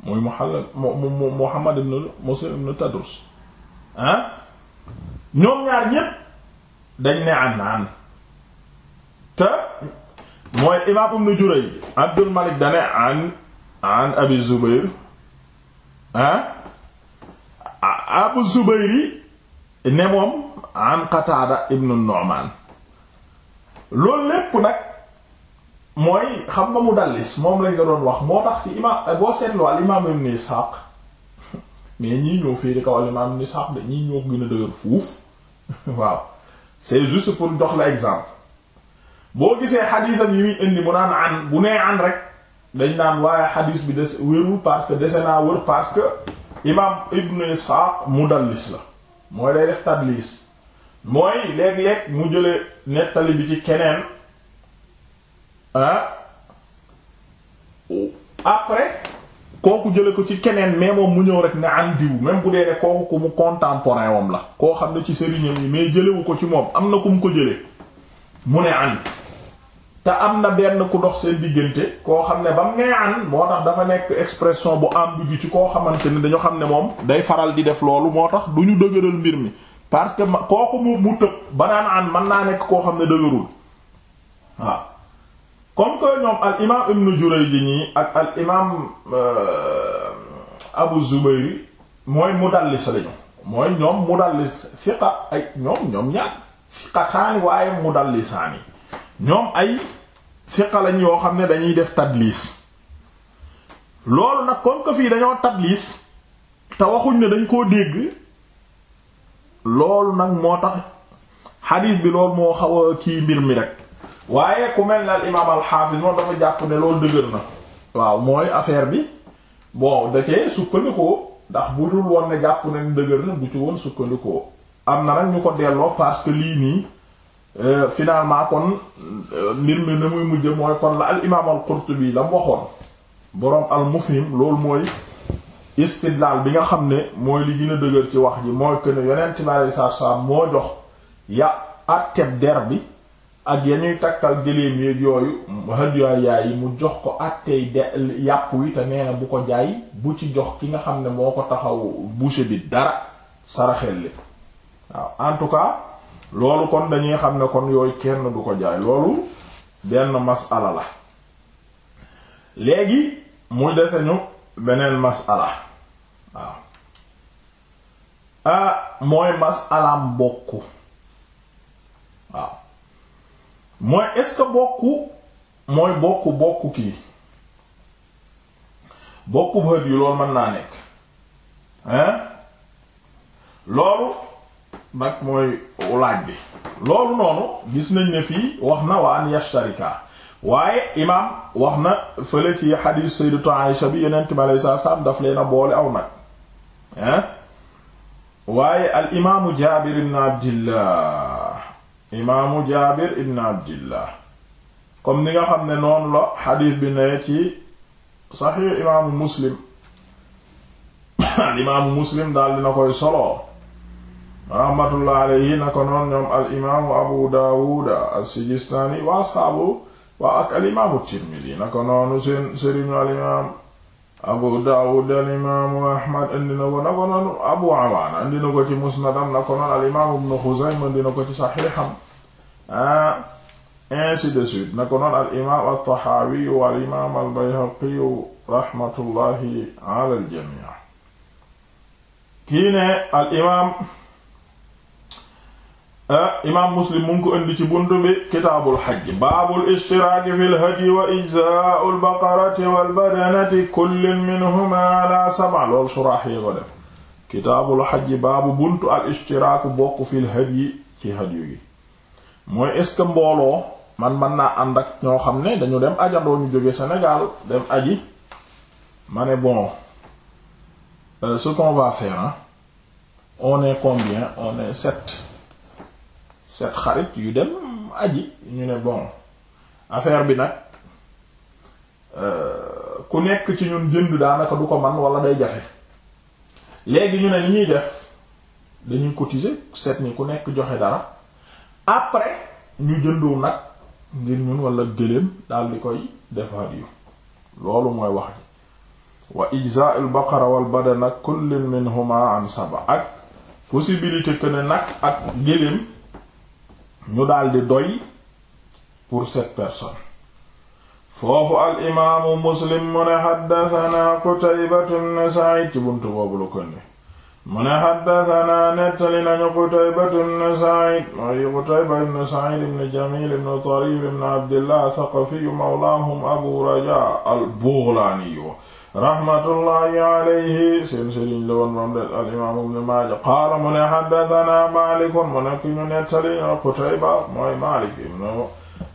muy Muhammad Muhammad ibn Muslim ibn Tadrus hein ñoom ñaar ñépp dañ ne an an te mooy imaam Ibn Jurayj Abdul Malik dane an Abi Zubayr ah Abu Zubayri ne moom an Qataada ibnu Nu'maan loolu lépp nag mooy xam nga mu dallis moom lañ nga doon wax moo tax ci imaam boo seetloo al imaam Ishaq mais ñii ñoo féete kaw imaam Ibn Isxaaq de ñii ñoo gën a dëgër fuuf waaw c'est juste pour jox la exemple boo gisee xadiisam yi indi mu naan an bu nee an rek dañ naan waaye xadiis bi des wérul parce que dese naa wër parce que imaam Ibn Isxaaq mudallis la mooy day def tadlis mooy léeg-léeg mu jële nettali bi ci keneen ah après kooku jële ko ci keneen mais moom mu ñëw rek ne am diw même bu dee ne kooku ku mu contemporain la koo xam ne ci sëriñam yi mais jëlewu ko ci moom am na ku mu ko jële mu ne an te am na benn ku dox seen diggante koo xam ne bam nee an moo tax dafa nekk expression bu ambigu ci koo xamante ne dañu xam ne moom day faral di def loolu moo tax du ñu dëgëral mbir mi parce que kooku mu mu tëb banaan an mën naa nekk koo xam ne dëgërul waaw comme que ñoom al imaam ibnu Jurayj ñii ak al imaam euh, Abu Zubayr mooy mudallis lañu mooy ñoom mudallis fiqa ay ñoom ñoom ñaar fiqataani waaye mudallisaani ñoom ay fiqa lañ yoo xam ne dañuy def tadlis loolu nag comme que fii dañoo tadlis te waxuñ ne dañ koo dégg loolu nag moo tax xadiis bi loolu moo xaw a kii mbir mi rek waaye ku mel ne al imaam al xaafis moom dafa jàpp ne loolu dëgër na waaw mooy affaire bi boo da cee sukkandikoo ndax bu dul woon ne jàpp ne dëgër na bu ci woon sukkandikoo am na nag ñu ko delloo parce que lii nii euh, finalement kon euh, mbir mi na muy mujj mooy kon la al imaam al qurtubi la mu waxoon boroom al mufhim loolu mooy istidlaal bi nga xam ne mooy li gën a dëgër ci wax ji mooy que yeneen ci bi alayhi salaatu wa moo jox ya atteb der bi ak yañuy takkal gëléem yeeg yooyu hadiya yaay yi mu jox ko àtteey de yàpp wi te nee bu ko jaay bu ci jox ki nga xam ne moo ko taxaw boucher bi dara saraxel li waaw en tout cas loolu kon dañuy xam ne kon yooyu kenn du ko jaay loolu benn masala la léegi muy deseñu beneen masala waaw ah mooy masalaam bokku mooy est bokku mooy bokku bokku kii bokku bët yi loolu mën naa nekk hein loolu nag mooy laaj bi loolu noonu gis nañ ne fii wax na waa an yashtarika waaye imaam wax na fële ci xadiisu sayyidatu Aisha bi yeneen mi alei saat salaam daf leen a boole aw nag hein waaye al imaamu Jaabir ibn Abdillah imaamu jaabir ibn abdillah comme ni nga xam ne noonu la xadiis bi ne ci saxiix imaamu muslim al imaamu muslim daal dina koy solo rahmatullah alayhi na ko noon ñoom al imaamu abu daawuda as-sijistaani waa saabu waa ak al imaamu tirmidi na ko noonu seen sëriñu al imaam abu daawud al imaamu ahmad indi na ko abu awaana indi na ko ci musnadam na ko noonu al imaamu ibnu xuzayma indi na ko ci saxiixam ah ainsi de suite na ko al imaam altaxaawi wal imaam al bayhaqi rahmatullahi ala al jamii kii al imaam Eh, imaam muslim mu ko indi ci buntu bi kitaabul xajj baabul ishtiraaki fi lhadyi wa ijzaa'u lbaqarati walbadanati kullin minhuma ala sab'a loolu suraax yi ko def kitaabul xajj baabu buntu al ishtiraaku bokk fi lhadyi ci hadyu yi mooy est-ce que mbooloo man mën naa ànd ak ñoo xam ne dañu dem ajandoo ñu jóge Sénégal dem aji ma ne bon euh, ce qu'on va faire combien on est set xarit yu dem aji ñu ne bon affaire bi nag euh, ku nekk ci ñun jënd daanaka du ko man walla day jafe léegi ñu ne li ñuy def dañuy cotiser seet ni ku nekk joxe dara après ñu jëndu nag ngir ñun wala gëléem daal di koy defaat yu loolu mooy wax ji wa ijza al baqara wal badana kullun minhuma saba ak possibilité que ne nag ak gëléem ñu daldi doy pour cette personne foofu al muslim mu ne xaddatanaa qutaybatu bnu ci buntu boobu lu kon mu ne xaddatanaa nettali nañu qutaybatu bnu mooy qutayba bnu said bnu jamil bnu tarif bnu abdillah thaqafiyu mawlaahum abu rajaa al bughlaaniyu rahmatullahi alayhi seen sëriñ la woon moom de al imaam ibn Maaja qaala mu ne haddathana Maalik mu nekk ñu nettali ah, Qutayba mooy Maalik ibn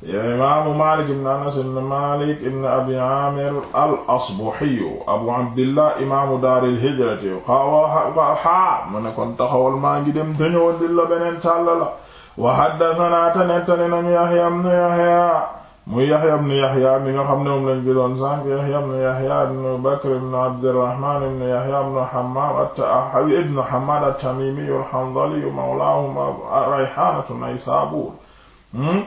imaamu Maalik ibn Anas ibn Maalik ibn Abi Aamir al-Asbahi Abu Abdillah imaamu daar al-hijrati qaawa mu ne kon taxawal maa ngi dem te ñëwoon di la beneen talla la wa haddathana te nettali nañu Yahya ibn Yahya muy Yaxya ibn Yaxya mi nga xam ne moom lañ gisoon sànq Yaxya ibn Yaxya ibn Bakr ibn Abdirrahmaan ibn Yaxya ibn Hammaam at-Tahawi ibn Hammaad at-Tamiimi al-Hanzali mawlaahum Rayhaanatu Naysaabuur hmm?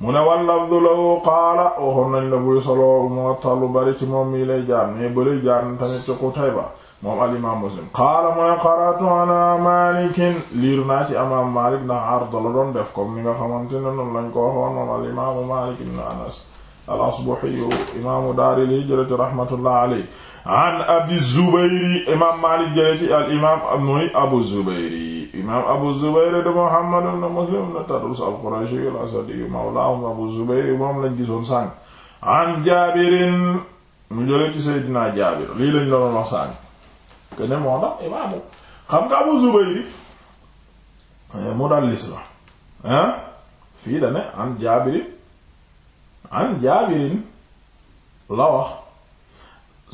mu ne wal lafdu lahu qaala waxoon nañ la buy solo Muwatta lu bari ci moom mii lay jaar mais ba lay jaar tamit ci Qutayba moom al imaam Muslim qaala mu ne qara'tu ala Maalikin liir naa ci imaam Maalik ndax arda la doon def comme ni nga xamante ne noonu lañ ko waxoon moom al imaamu Maalik ibn Anas al-Asbahi imaamu daaril hijrati rahmatullah alayhi an Abi Zubayr imaam Maalik jëlee ci al imaam muy Abu Zubayr imaam Abu Zubayr de Muhammad ibn Muslim ibn Tadrus al-Qurashi al-Asadi mawlaahum Abu Zubayr moom lañ gisoon sànq an Jaabirin mu jëlee ci Seydina Jaabir lii lañ la doon wax sànq que moo tax imaamu xam nga Abu Zubayr mudallis la ah fii da ne Jaabirin an Jaabirin la wax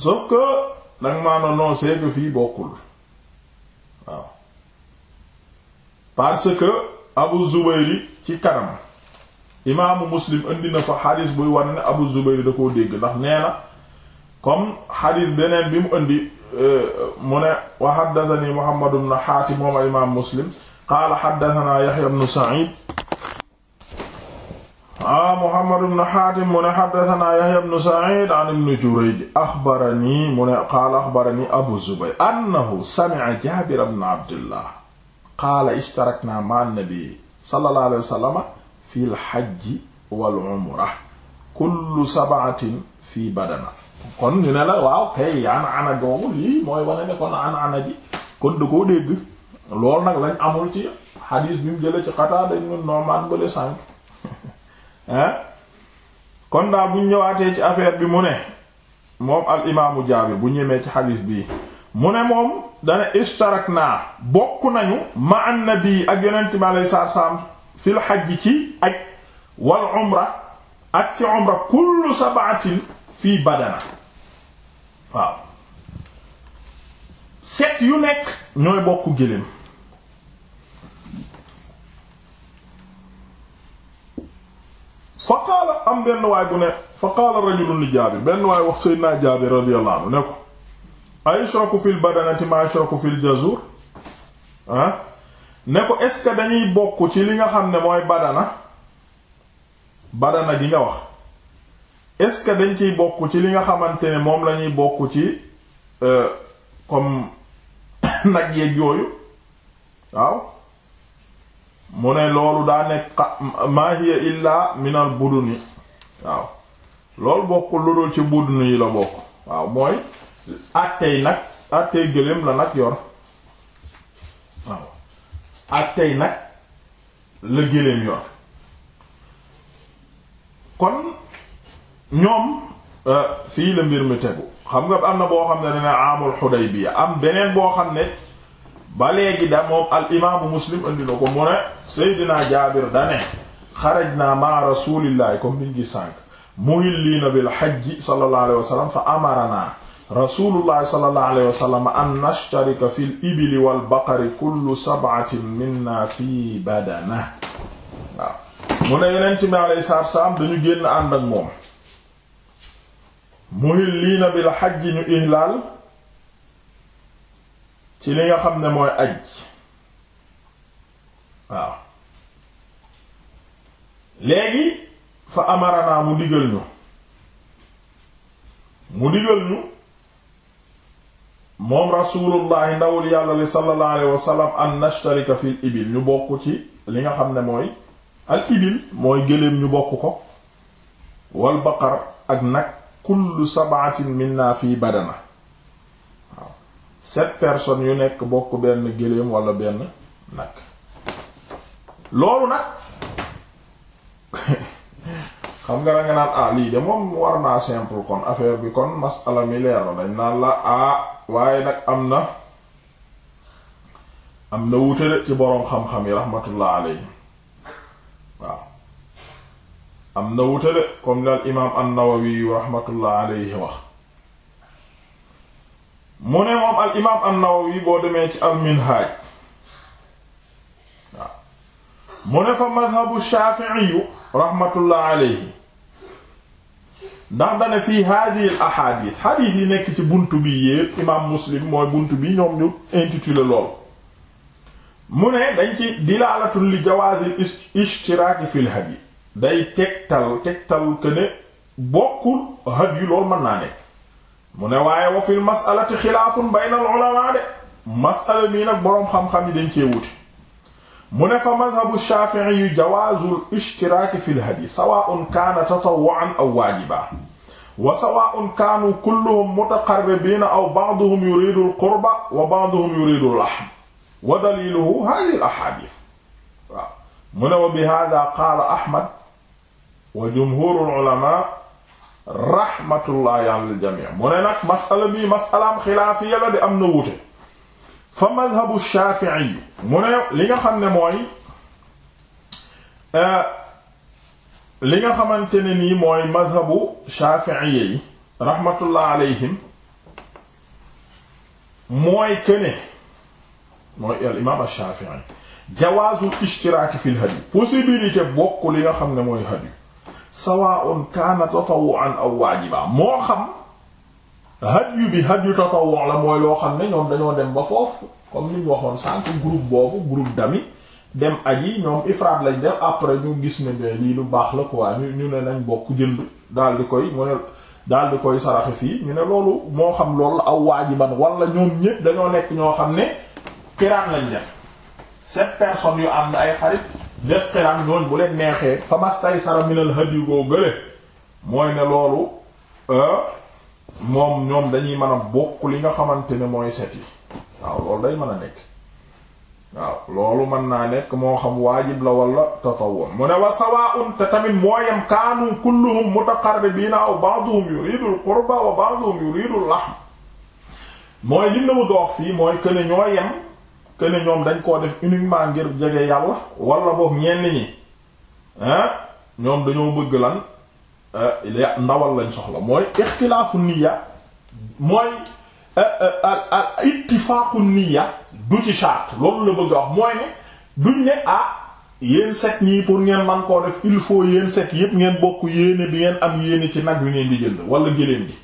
sauf que danga maana non c'est fii bokkul waaw parce que Abu Zubayr ci kanam imaamu Muslim indi na fa xadiis buy war ne Abu Zubayr da koo dégg ndax nee na comme xadis beneen bi mu indi euh, mu ne wa xaddatani Muhammad ibn Xaatim moom al imaam Muslim qaala xaddatana Yaxya ibn Saciid ah Muhammad ibn Xaatim mu ne xaddatana Yaxya ibn Saciid an ibn Jurayj axbarani mu ne qaala axbarani Abu Zubayr annahu samica Jaabir ibn Abdillah qaala ishtaraknaa ma'a nnabi sallallahu alayhi wa sallam fil hajji wal umra kullu sabcatin fii badana kon ñu ne la waaw kay ana ana googu lii mooy wane ne kon ana ana ji kon da koo dégg loolu nag lañ amul ci xadiis bi mu jëlee ci Qataada ibn Nu'maan bële sànq hein kon daal bu ñu ñëwaatee ci affaire bi mu ne moom al imaamu Jaabir bu ñemee ci xadiis bii mu ne moom dana ishtarakna bokk nañu ma bi ak yonent bi alayhi salaam fil hajj ci aj wal umra ak ci umra kullu sab'atin fii badana waaw set yu nekk ñooy bokk gëléem fa qaala am benn waay bu ne fa qaala rajulun li benn waay wax sayyidina jaabir radiyallahu anhu ne ko ayshraku fil badanati ma ashraku fil jazur ne ko est dañuy bokk ci li nga xam ne mooy badana badana gi nga wax est-ce que dañ ciy bokk ci li nga xamante ne moom la ñuy bokk ci euh, comme nag yeeg yooyu waaw mu ne loolu daa nekk ma hiya illa minal buduni waaw loolu bokkul lu dul ci buduni yi la bokk waaw mooy àttey nag àttey gëléem la nag yor waaw àttey nag la gëléem yor kon ñoom euh, fii la mbir mi tegu xam nga am na boo xam ne dana amul am beneen boo xam ne ba léegi da moom al imaamu Muslim andi na ko mu ne Seydina Jaabir dane xarajna ma rasulillahi comme biñ gi sànq muhilliina bil hajji sallallahu alayhi wa sallam fa amarana rasulullahi sallallahu alayhi wa sallam an nashtarika fil ibili wal baqari kullu sab'atin minna fi badana waaw mu ne yeneen ci salaam dañu génn ànd moom muhilliina bil xaj ñu ihlaal ci li nga xam ne mooy aj waaw léegi fa amaranaa mu digal ñu mu digal ñu moom rasulullahi ndawul yàlla li sallallahu alayhi wa sallam an nashtarika ibil ñu bokk ci li nga xam ne mooy al ibil mooy gëléem ñu bokk ko wal ak nag kullu sab'atin minna fii badana waaw sept personnes yu nekk bokk benn gëléem wala benn nag loolu nag xam nga da nga naan ah lii de moom war naa simple kon affaire bi kon masala mi leer na dañ naan la ah waaye nag am na am na wuute ci boroom xam-xam yi rahmatullah alayhi am na wutale comme daal imaam an-Nawawi rahmatullah alayhi wax mu ne moom al imaam an-Nawawi boo demee ci al-Minhaj waaw mu ne fa madhabu Shafi'i rahmatullah alayhi ndax dana fii hadhihi al ahadith hadith yi nekk ci bunt bi yépp imaam Muslim mooy bunt bi ñoom ñu intitulé lool mu ne dañ ci dilaalatul li jawazil ishtiraaki fil hadith day tegtal tegtal que ne bokkul had yu loolu mën naa nekk mu ne waaye wa fil masalati xilaafun baynal ulama de masala mii nag boroom xam-xam yi dañ cee wuti mu ne fa madhabu shafii yu jawaazul ishtiraaki fi lhadi sawaun kaana tatawwu'an aw waajiba wa sawaun kaanu kulluhum mutaqarribiina aw ba'duhum yuridu al-qurba wa ba'duhum yuridu al-lahm wa daliluhu haadihi al-ahaadiis waaw mu ne wa bi haadaa qaala Ahmad wa jumhurul ulama rahmatullahi alal jamii mu ne nag masala bii masalaam xilaafiya la di am na wuute fa madhabu shaafi'i mu li nga xam ne mooy euh, li nga xamante ne nii mooy madhabu shaafi'i yi rahmatullah alayhim mooy këne mooy al imaam shaafi'i jawaazul ishtiraaki fil hadi possibilité bokk li nga xam ne mooy hadi sawaa'un kaana tatawwu'an aw waajiba moo xam hadyu bi hadyu tatawwu' la mooy loo xam ne ñoom dañoo dem ba foofu comme ni ñu waxoon sànq group boobu groupe dami dem aji ñoom ifraad lañ def après ñu gis ne de lii lu baax la ko ñu ñu ne nañ bokk jënd daal di koy mu ne daal di koy saraxe fii ñu ne loolu moo xam loolu aw waajiban wala ñoom ñépp dañoo nekk ñoo xam ne kiraan lañ def sept personnes yu am na ay xarit def xiraan ñooñ bu leen neexee fa mastaysara minal hadi goo gële mooy ne loolu euh, moom ñoom dañuy mën a bokk li nga xamante ne mooy set yi waaw loolu day mën a nekk waaw loolu mën naa nekk moo xam waajib la wala tatawwu mu ne wa sawaa'un te tamit mooyam kaanu kulluhum mutaqarribiina aw ba'duhum yuridul qurba wa ba'duhum yuridul lahm mooy li mu dox fii mooy que ne ñoo yem que ne ñoom dañ koo def uniquement ngir jege yàlla wala boog ñenn ñi ñoom dañoo bëgg lan euh, ndawal lañ soxla mooy ixtilaafu niya mooy euh, euh, ittifaaqu niya du ci charte loolu la bëgg a wax mooy ne duñ ne ah yéen set ñii pour ngeen man koo def il faut yéen set yépp ngeen bokk yéene bi ngeen am yéene ci nag yu ngeen di jënd wala gëléem bi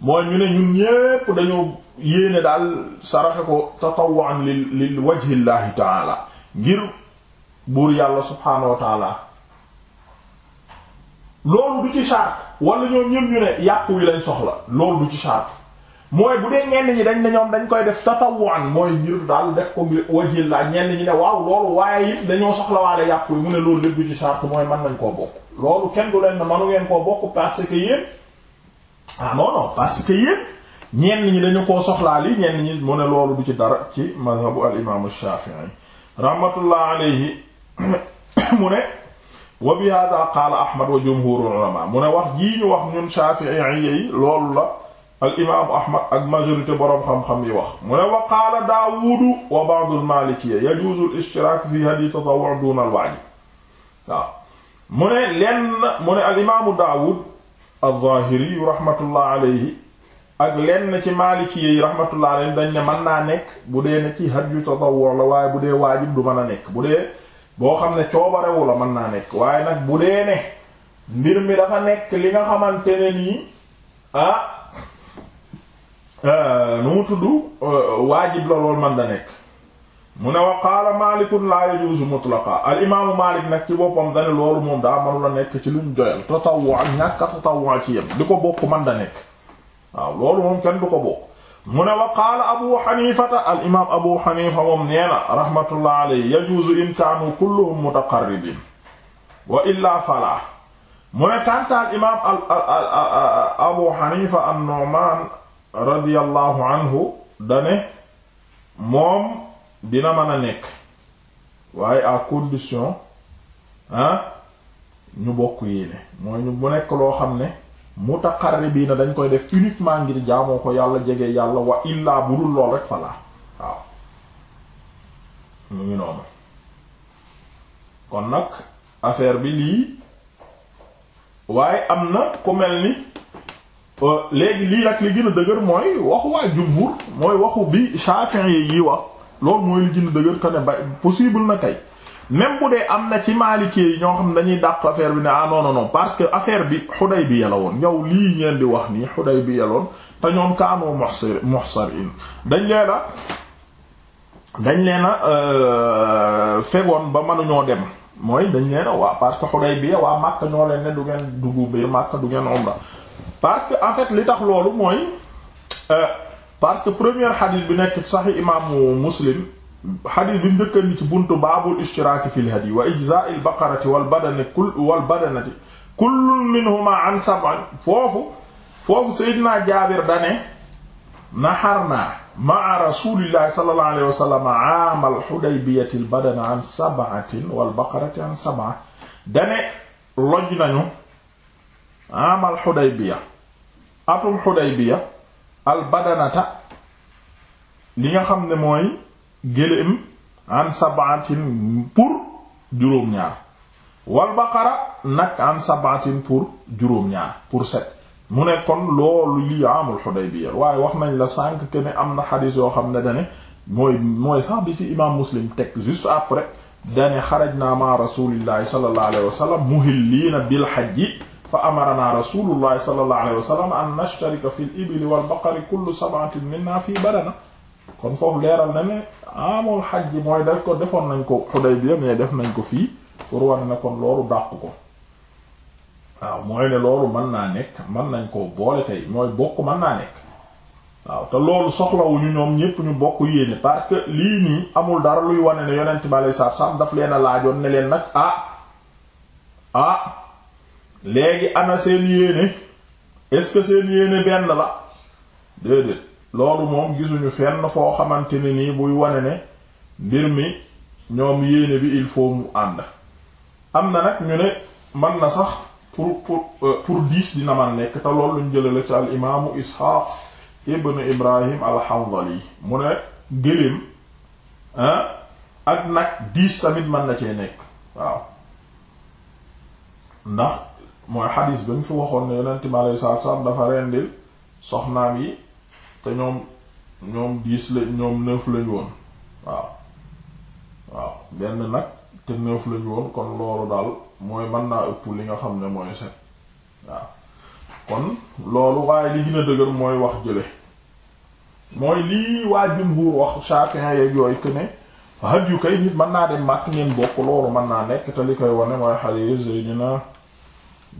mooy ñu ne ñun ñépp dañoo yéene daal saraxe ko tatawwan li li wajhillaahi taala ngir buur yàlla subhaanahu wa taala loolu du ci charte wala ñoom ñëpp ñu ne yàpp wi lañ soxla loolu du ci charte mooy bu dee ñenn ñi dañ ne ñoom dañ koy def tatawwan mooy ngir daal def ko ngir wajhillaahi ñenn ñi ne waaw loolu waaye it dañoo soxla waale yàpp wi mu ne loolu lépp du ci charte mooy mën nañ koo bokk loolu kenn du leen ne mënu ngeen koo bokk parce que yéen Ah, non non parce que yéen ñenn ñi dañu koo soxlaa li ñenn ñi mu ne loolu du ci dara ci madhabu al imaamu Shaafi'i rahmatullah alayhi mu ne wa bi hada qaala ahmad wa jumhurul ulama mu ne wax jii ñu wax ñun Shaafi'i yi loolu la al imaamu ahmad ak majorité boroom xam-xam yi wax mu ne wa qaala daawudu wa ba'du al maalikiyya yajuuzu al ishtiraak fi hadyi tatawwu' duuna al waajib waaw mu ne lenn mu ne al imaamu daawud az-Zahiri rahmatullah alayhi ak lenn ci maaliki yi rahmatullah alayhi dañ ne mën naa nekk bu dee ne ci hajju tatawwu la waaye bu dee waajib du mën a nekk bu dee boo xam ne coobarewu la mën naa nekk waaye nag bu dee ne mbir mi dafa nekk li nga xamante ne nii ah, ah nu mu tudd waajib la lool mën da nekk mu ne wa qaala maalikun laa yajuuzu mutlaqa al imaamu maalik nag ci boppam dane loolu moom daa manu la nekk ci luñ doyal tatawu ak ñàkk a tatawu ci yem di ko bokk man da nekk waaw loolu moom kenn du ko bokk mu ne wa qaala abu xanifata al imaam abu xanifa moom nee na rahmatullah alayhi yajuuzu in kaanu kulluhum mutaqarribiin wa illaa falaa mu ne tàntaal imaam abu xanifa an nu'maan radiyallahu anhu dane moom dina mën a nekk waaye à condition ah ñu bokk yéene mooy ñu bu nekk loo xam ne bii mutaqarribiina dañ koy def uniquement ngir jaamoo ko yàlla jege yàlla wa illa bu dul lool rek falaa waaw mu ngi noonu kon nag affaire bi lii waaye am na ku mel ni euh, léegi lii nag li gën a dëgër mooy waxu waa jumhur mooy waxu bi Shafi'i yi wax loolu mooy li gën ne ba possible na kay même bu dee am na ci maalikee yi ñoo xam ne dañuy dàq affaire bi ne ah non parce que affaire bi Hudaybiya la woon yow lii ngeen di wax nii Hudaybiya la woon te ñoom kaanoo muhsir muhsarin dañ leen a dañ leen a euh, fegoon ba ñoo dem mooy dañ leen waaw parce que Hudaybiya waa Makka ñoo leen du ngeen duggu bi Makka du ngeen umra parce que en fait li tax loolu mooy. Euh, parce que premier xadis bi nekk saxi imaamu muslim xadis bi njëkkan ni ci buntu baabul ishtiraaki fil hadyi wa ijzaa'il baqarati wal badani kull wal badanati kullun minhuma an sab'in foofu foofu Seydina Jaabir dane naharna ma'a rasulillahi sallallahu alayhi wa sallam aamal hudaybiyatil badana an sab'atin wal baqarati an sab'a dane loj nañu aamal hudaybiya atum hudaybiya albadanata li nga xam ne mooy géléem an sabatin pour juróom-ñaar wal baqara nag an sabatin pour juróom-ñaar pour set mu ne kon loolu lii amul Hudaybiya waaye wax nañ la sànq que ne am na xadis yoo xam ne dane mooy mooy sax bi ci imam Muslim teg juste après dane xaraj naa ma rasulillahi sallallahu alayhi wa sallam muhilliina bil hajji fa amarana rasulullahi sallallahu alayhi wa sallam an nashtarika fi l ibli walbaqari kullu sab'atin minna fii badana kon foofu leeral na ne amul xaj mooy def ko defoon nañ ko Xudaybiya mais def nañ ko fii pour wane ne kon loolu dàq ko waaw mooy ne loolu mën naa nekk mën nañ koo boole mooy bokk mën naa nekk te loolu soxlawuñu ñoom ñépp ñu bokk yéene parce que lii nii amul dara luy wane ne yonent bi alei satu daf leen a laajoon ne leen nag ah, ah léegi ana seen yéene est-ce seen yéene benn la déedéet loolu moom gisuñu fenn foo xamante ne nii buy wane ne mbir mi ñoom yéene bi il faut mu ànd am na nag ñu ne mën na sax pour pour euh, pour dix dina man nekk te loolu ñu jëlale ci al imaamu isxaaq ibn ibrahim alxandali mu ne gëléem ak nag dix tamit mën na cee nekk waaw ndax mooy xadis ba ñu fi waxoon ne yonent mi alayhi salaatu salaam dafa rendil soxnaam yi te ñoom ñoom dix la ñoom neuf lañu woon waaw waaw benn nag te neuf lañu woon kon loolu daal mooy mën naa li nga xam ne mooy loolu waaye li gën a dëgër mooy wax jële mooy lii waa jumhuur wax Shafi'i yeeg yooyu que ne yu kay nit mën naa dem màkk ngeen bokk loolu mën naa nekk te li koy wane mooy xadiis na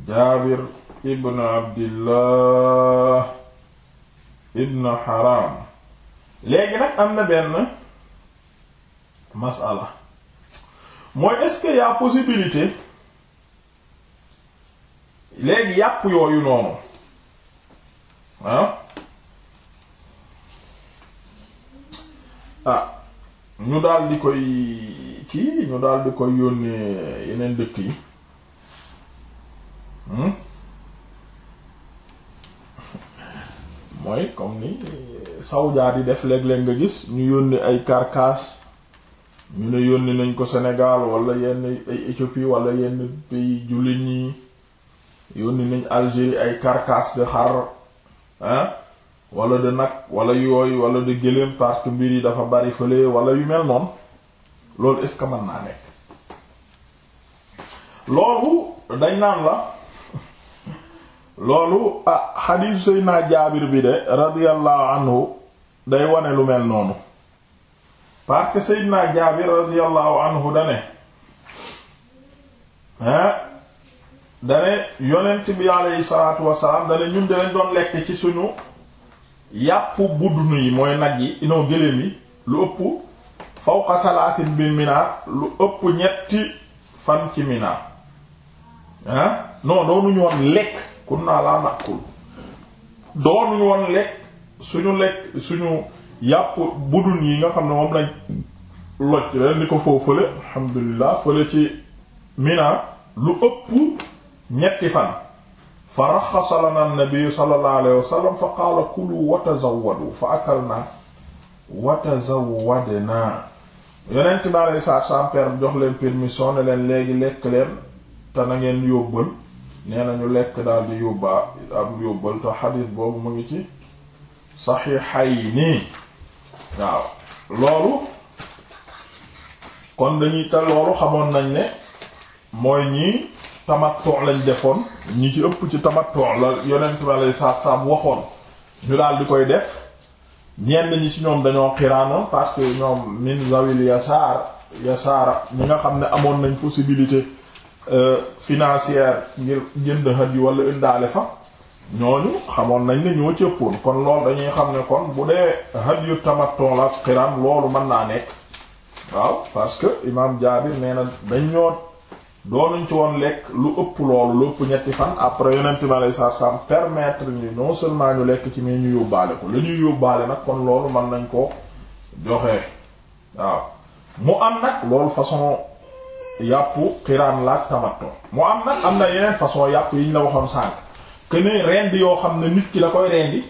jaabir ibn abdillah ibn haram léegi nag am na benn masala mooy est-ce que y a possibilité léegi yàpp yooyu noonu ah ah ñu daal koy kii ñu daldi di koy yónnee yeneen dëkk yi Hmm? mooy comme ni eh, sawjaa yi def léeg-léeg nga gis ñu yónni ay carcasse ñu ne yónni nañ ko Sénégal walla yenn ay Éthiopie wala yenn pays jullit ñi yónni nañ Algérie ay carcasse de xar hein wala de nag wala yooyu wala de gëléem parce que mbir yi dafa bari fële wala yu mel noonu loolu est-ce que mën naa nekk loolu dañ naan la loolu a ah, xadiis Seydina Jaabir bi de radiyallahu anhu day wane lu mel noonu parce que Jaabir radiyallahu anhu dane hein dane yonent bi aleyhi salaatu wassalaam dane ñun danañ doon lekk ci suñu yàpp buddunu yi mooy nag yi non gëléem yi lu ëpp fawqa salaasin bi minaar lu ëpp ñetti fan ci minaar hein non doonuñu woon lekk kunna la naqul doonuñu woon lekk suñu lekk suñu yàpp budun yi nga xam ne moom lañ loj leen di ko foofu fële alhamdulilah fële ci mina lu ëpp ñetti fan fa raxasa lana an-nabi sallallahu alayhi wa sallam fa qaala kulu wa tazawwadu fa akalna wa tazawwadna yonent bi alayhi salaatu wa salaam jox leen permission ne leen léegi lekk leen te na ngeen yóbbal nee nañu lekk daal di yóbbaa am yóbbal te xadis boobu mu ngi ci saxiixayni waaw loolu kon dañuy te loolu xamoon nañ ne mooy ñii tamattu lañ defoon ñi ci ëpp ci tamattu la yonent bi alayhi salaatu salaam waxoon ñu daal koy def ñenn ñi ci ñoom dañoo xiraanoon parce que ñoom min zawil yasaar yasaara ñi nga xam ne amoon nañ possibilité Euh, financière ngir jënd haj wala indaale fa ñooñu xamoon nañ ne ñoo cëppoon kon loolu dañuy xam ne kon bu dee haj yu tamaton la ak xiram loolu mën naa nekk waaw parce que imam Jaabir nee na dañ ñoo doonuñ ci woon lekk lu ëpp loolu lu ëpp ñetti fan après yonente mi alei satu salaam permettre ñu non seulement ñu lekk ci mais ñu yóbbaale ko lu ñuy yóbbaale nag kon loolu mën nañ ko joxe waaw mu am nag loolu façon yàppu xiraan laak tamatto mu am nag am na yeneen façon yàpp yi ñu la waxoon sànk que ne yoo xam ne nit ki la koy rendi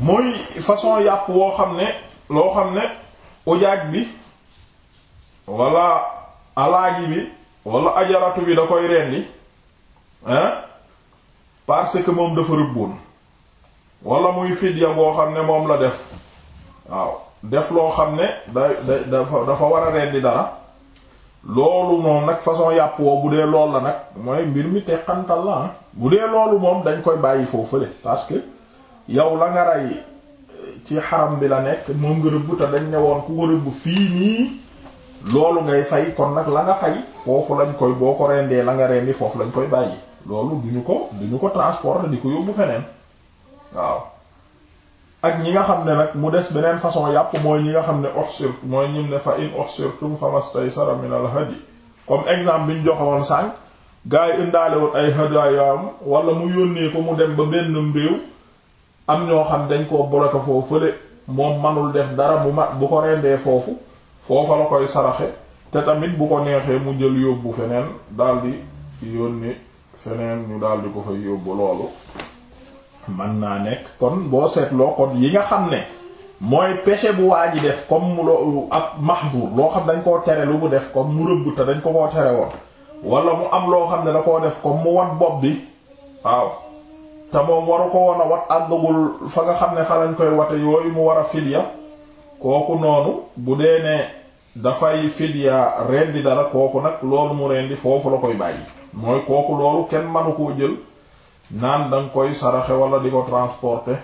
mooy façon yàpp woo xam ne loo xam ne ujaaj bi wala alaaji bi wala ajaratu bi da koy rendi hein parce que moom dafa rëbboon wala muy fidya boo xam ne moom la def waaw def loo xam ne da dafa dafa war a rendi dara loolu moom nag façon yàpp woo bu dee lool la nag mooy mbir mi teqantal la ah. bu dee loolu moom dañ koy bàyyi foofu le parce que yow la nga eh, ci xaram bi la nekk moom te dañ ne woon ku ko rëbb fii kon nag la nga fay lañ koy boo ko rendee la nga rendi foofu lañ koy bàyyi loolu duñu ko duñu ko transport di ko yóbbu feneen waaw ak ñi nga xam ne nag mu des beneen façon yàpp mooy ñi nga xam ne uhsir mooy ñim ne fa in fa famastaysara min al hadi comme exemple bi ñu joxewoon sànq gars yi indaale ay ay hadayam wala mu yónnee ko mu dem ba benn réew am ñoo xam dañ koo bloqué foofu fële moom manul def dara bu ma bu ko rendee foofu foofa la koy saraxe te tamit bu ko neexee mu jël yóbbu feneen daldi yónni feneen ñu daldi ko fay yóbbu loolu man naa nekk kon boo seetloo kon yi nga xam ne mooy péché bu waa ji def comme loo ab mahdur loo xam dañ koo tere lu mu def comme mu rëbb te dañ ko koo tere woon wala mu am loo xam ne da koo def comme mu wat bopp bi waaw te moom waru ko woon a wat àggagul fa nga xam ne fa lañ koy wate yooyu mu war a fidya kooku noonu bu dee ne dafay fidya rendi dara kooku nag loolu mu rendi foofu la koy bàyyi mooy kooku loolu kenn manu koo jël naan danga koy saraxe wala di ko transporter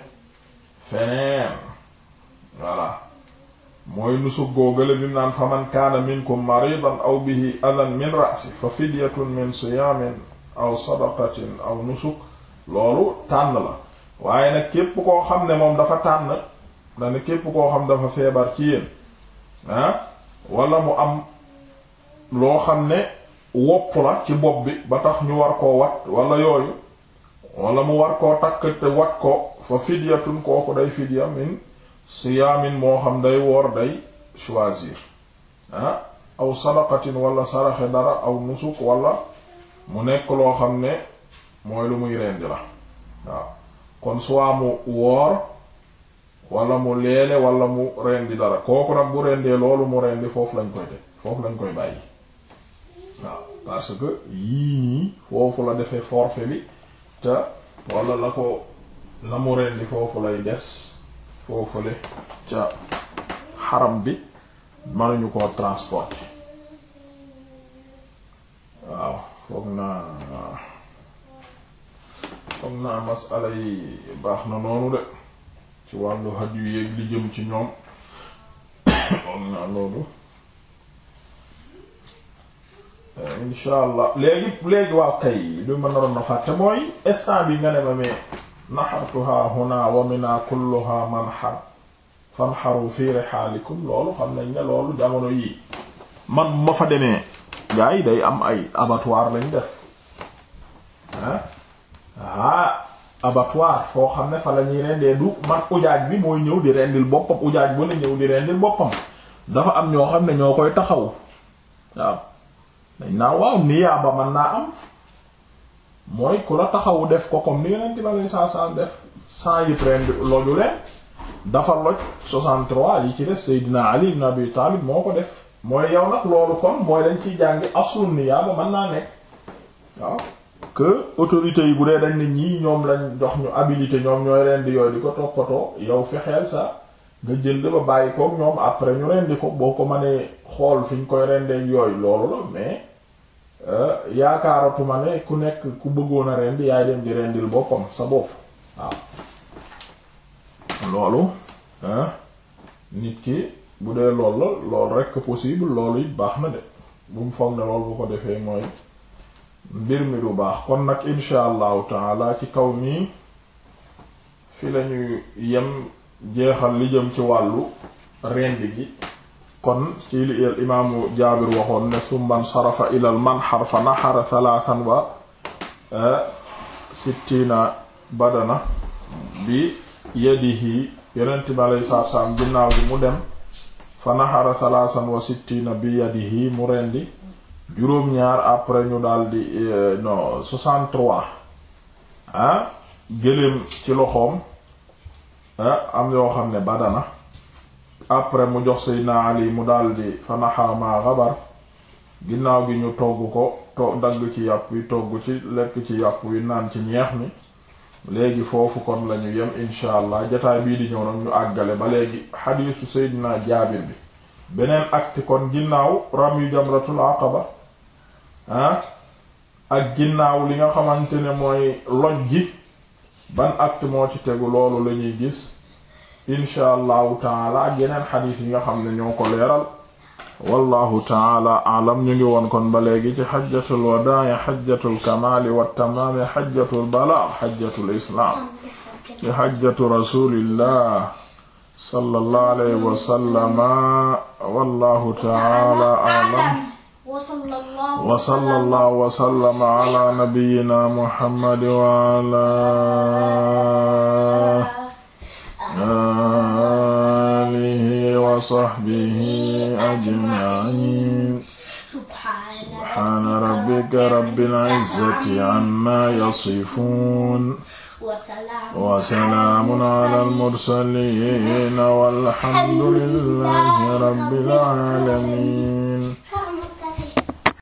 feneen voilà mooy nusuk googale bi naan fa man kaana minkum maridan aw bihi adan min ra'si fa fidyatun min siyamin aw sadaqatin aw nusuk loolu tànn la waaye nag képp koo xam ne moom dafa tànn dana képp koo xam dafa feebar ci yéen ah wala mu am loo xam ne wopp la ci bopp bi ba tax ñu war koo wat wala yooyu wala mu war koo takk te wat ko fa fidyatun kooku day fidya min siyaamin moo xam day woor day choisir ah aw sadaqatin wala saraxe dara aw nusuk walla mu nekk loo xam ne mooy lu muy rendi la waaw kon soit mu woor wala mu leele wala mu rendi dara kooku nag bu rendee loolu mu rendi foofu lañ koy def foofu lañ koy bàyyi waaw parce que yii nii foofu la defe forfait bi te walla la ko la mu rendi foofu lay des foofule ca xaram bi mënuñu koo transporter waaw foog naa foog naa masala yi baax na noonu de ci wàllu had yu yéeg li ci ñoom foog naa loolu insha allah léegi léegi waa kay lu ma naroon na fàtte mooy instant bi nga ne ma mee naxartuha huna wa mina kulluha manxar fanxaru fi rihaalikum loolu xam nañ ne loolu jamono yii man ma fa demee gaa yi day am ay abattoir lañ def ah ah abattoir foo xam ne fa la ñuy rendee du man ujaaj bi mooy ñëw di rendil boppam ujaaj bu la ñëw di rendil boppam dafa am ñoo xam ne ñoo koy taxaw waaw dañ naa waaw niyaaba man naa am mooy ku la taxawu def ko comme ni yeneen tibalee saa saa def cent yi prendre loju leen dafa loj 63 yi ci des Seydina Ali ibn Abi Talib moo ko def mooy yow nag loolu kon mooy dañ ciy jàngi aslu niyaaba mën naa nekk waaw que autorités yi bu dee dañ ne ñii ñoom lañ jox ñu abilité ñoom ñooy leen di di ko toppatoo yow fexeel sa nga jënd ba bàyyi koog ñoom après ñu rendi ko boo ko mënee xool fi ñu koy rendee yooy loolu la mais euh, yaakaaratuma ne ku nekk ku bëggoon a rendi yaay dem di rendil boppam sa bopp waaw loolu nit ki bu dee lool la lool rekk possible loolu it baax na de bu mu foog ne loolu bu ko defee mooy mbir mi du baax kon nag insha allahu taala ci kaw nii fi lañuy yem jeexal li jëm ci wàllu rendi gi kon ci li al imaamu jaabir waxoon ne summan sarafa ilal manxar fa naxara salaatan wa eh, sittina badana bi yadihi yonent bi aleyhi salaatu salaam ginnaaw mu dem fa naxara salaatan wa sittina bi yadihi mu rendi juróom-ñaar après ñu daldi eh, non 63 ah gëléem ci loxoom Ah, am yoo xam ne badana après mu jox Seydina Ali mu daldi fanaxaa xabar ginnaaw gi ñu togg ko to dagg ci yàpp wi togg ci lekk ci yàpp wi naan ci ñeex mi léegi foofu kon lañu yem insha allah jataay bii di ñëw nag ñu àggale ba léegi xadiisu Seydina Jaabir bi beneen acte kon ginnaaw ram yu jamratul aqaba ah, ak ginnaaw li nga xamante ne mooy loj gi ban acte moo ci tegu loolu la ñuy gis taala ak yeneen xadiis xam ne ñoo ko leeral wallahu taala alam ñu ngi woon kon ba léegi ci xajjatul wadaa xajjatul kamaali wattamaami xajjatul balaa xajjatul islaam ci xajjatu rasulillah sallallahu taala alam wa sallallahu wa sallama ala nabiyyina muhammad wa ala alihi wa sahbihi ajma'in subhana rabbika rabbil izzati amma yasifun wa salaamun ala al-mursaliin walhamdulillahi rabbil aalamiin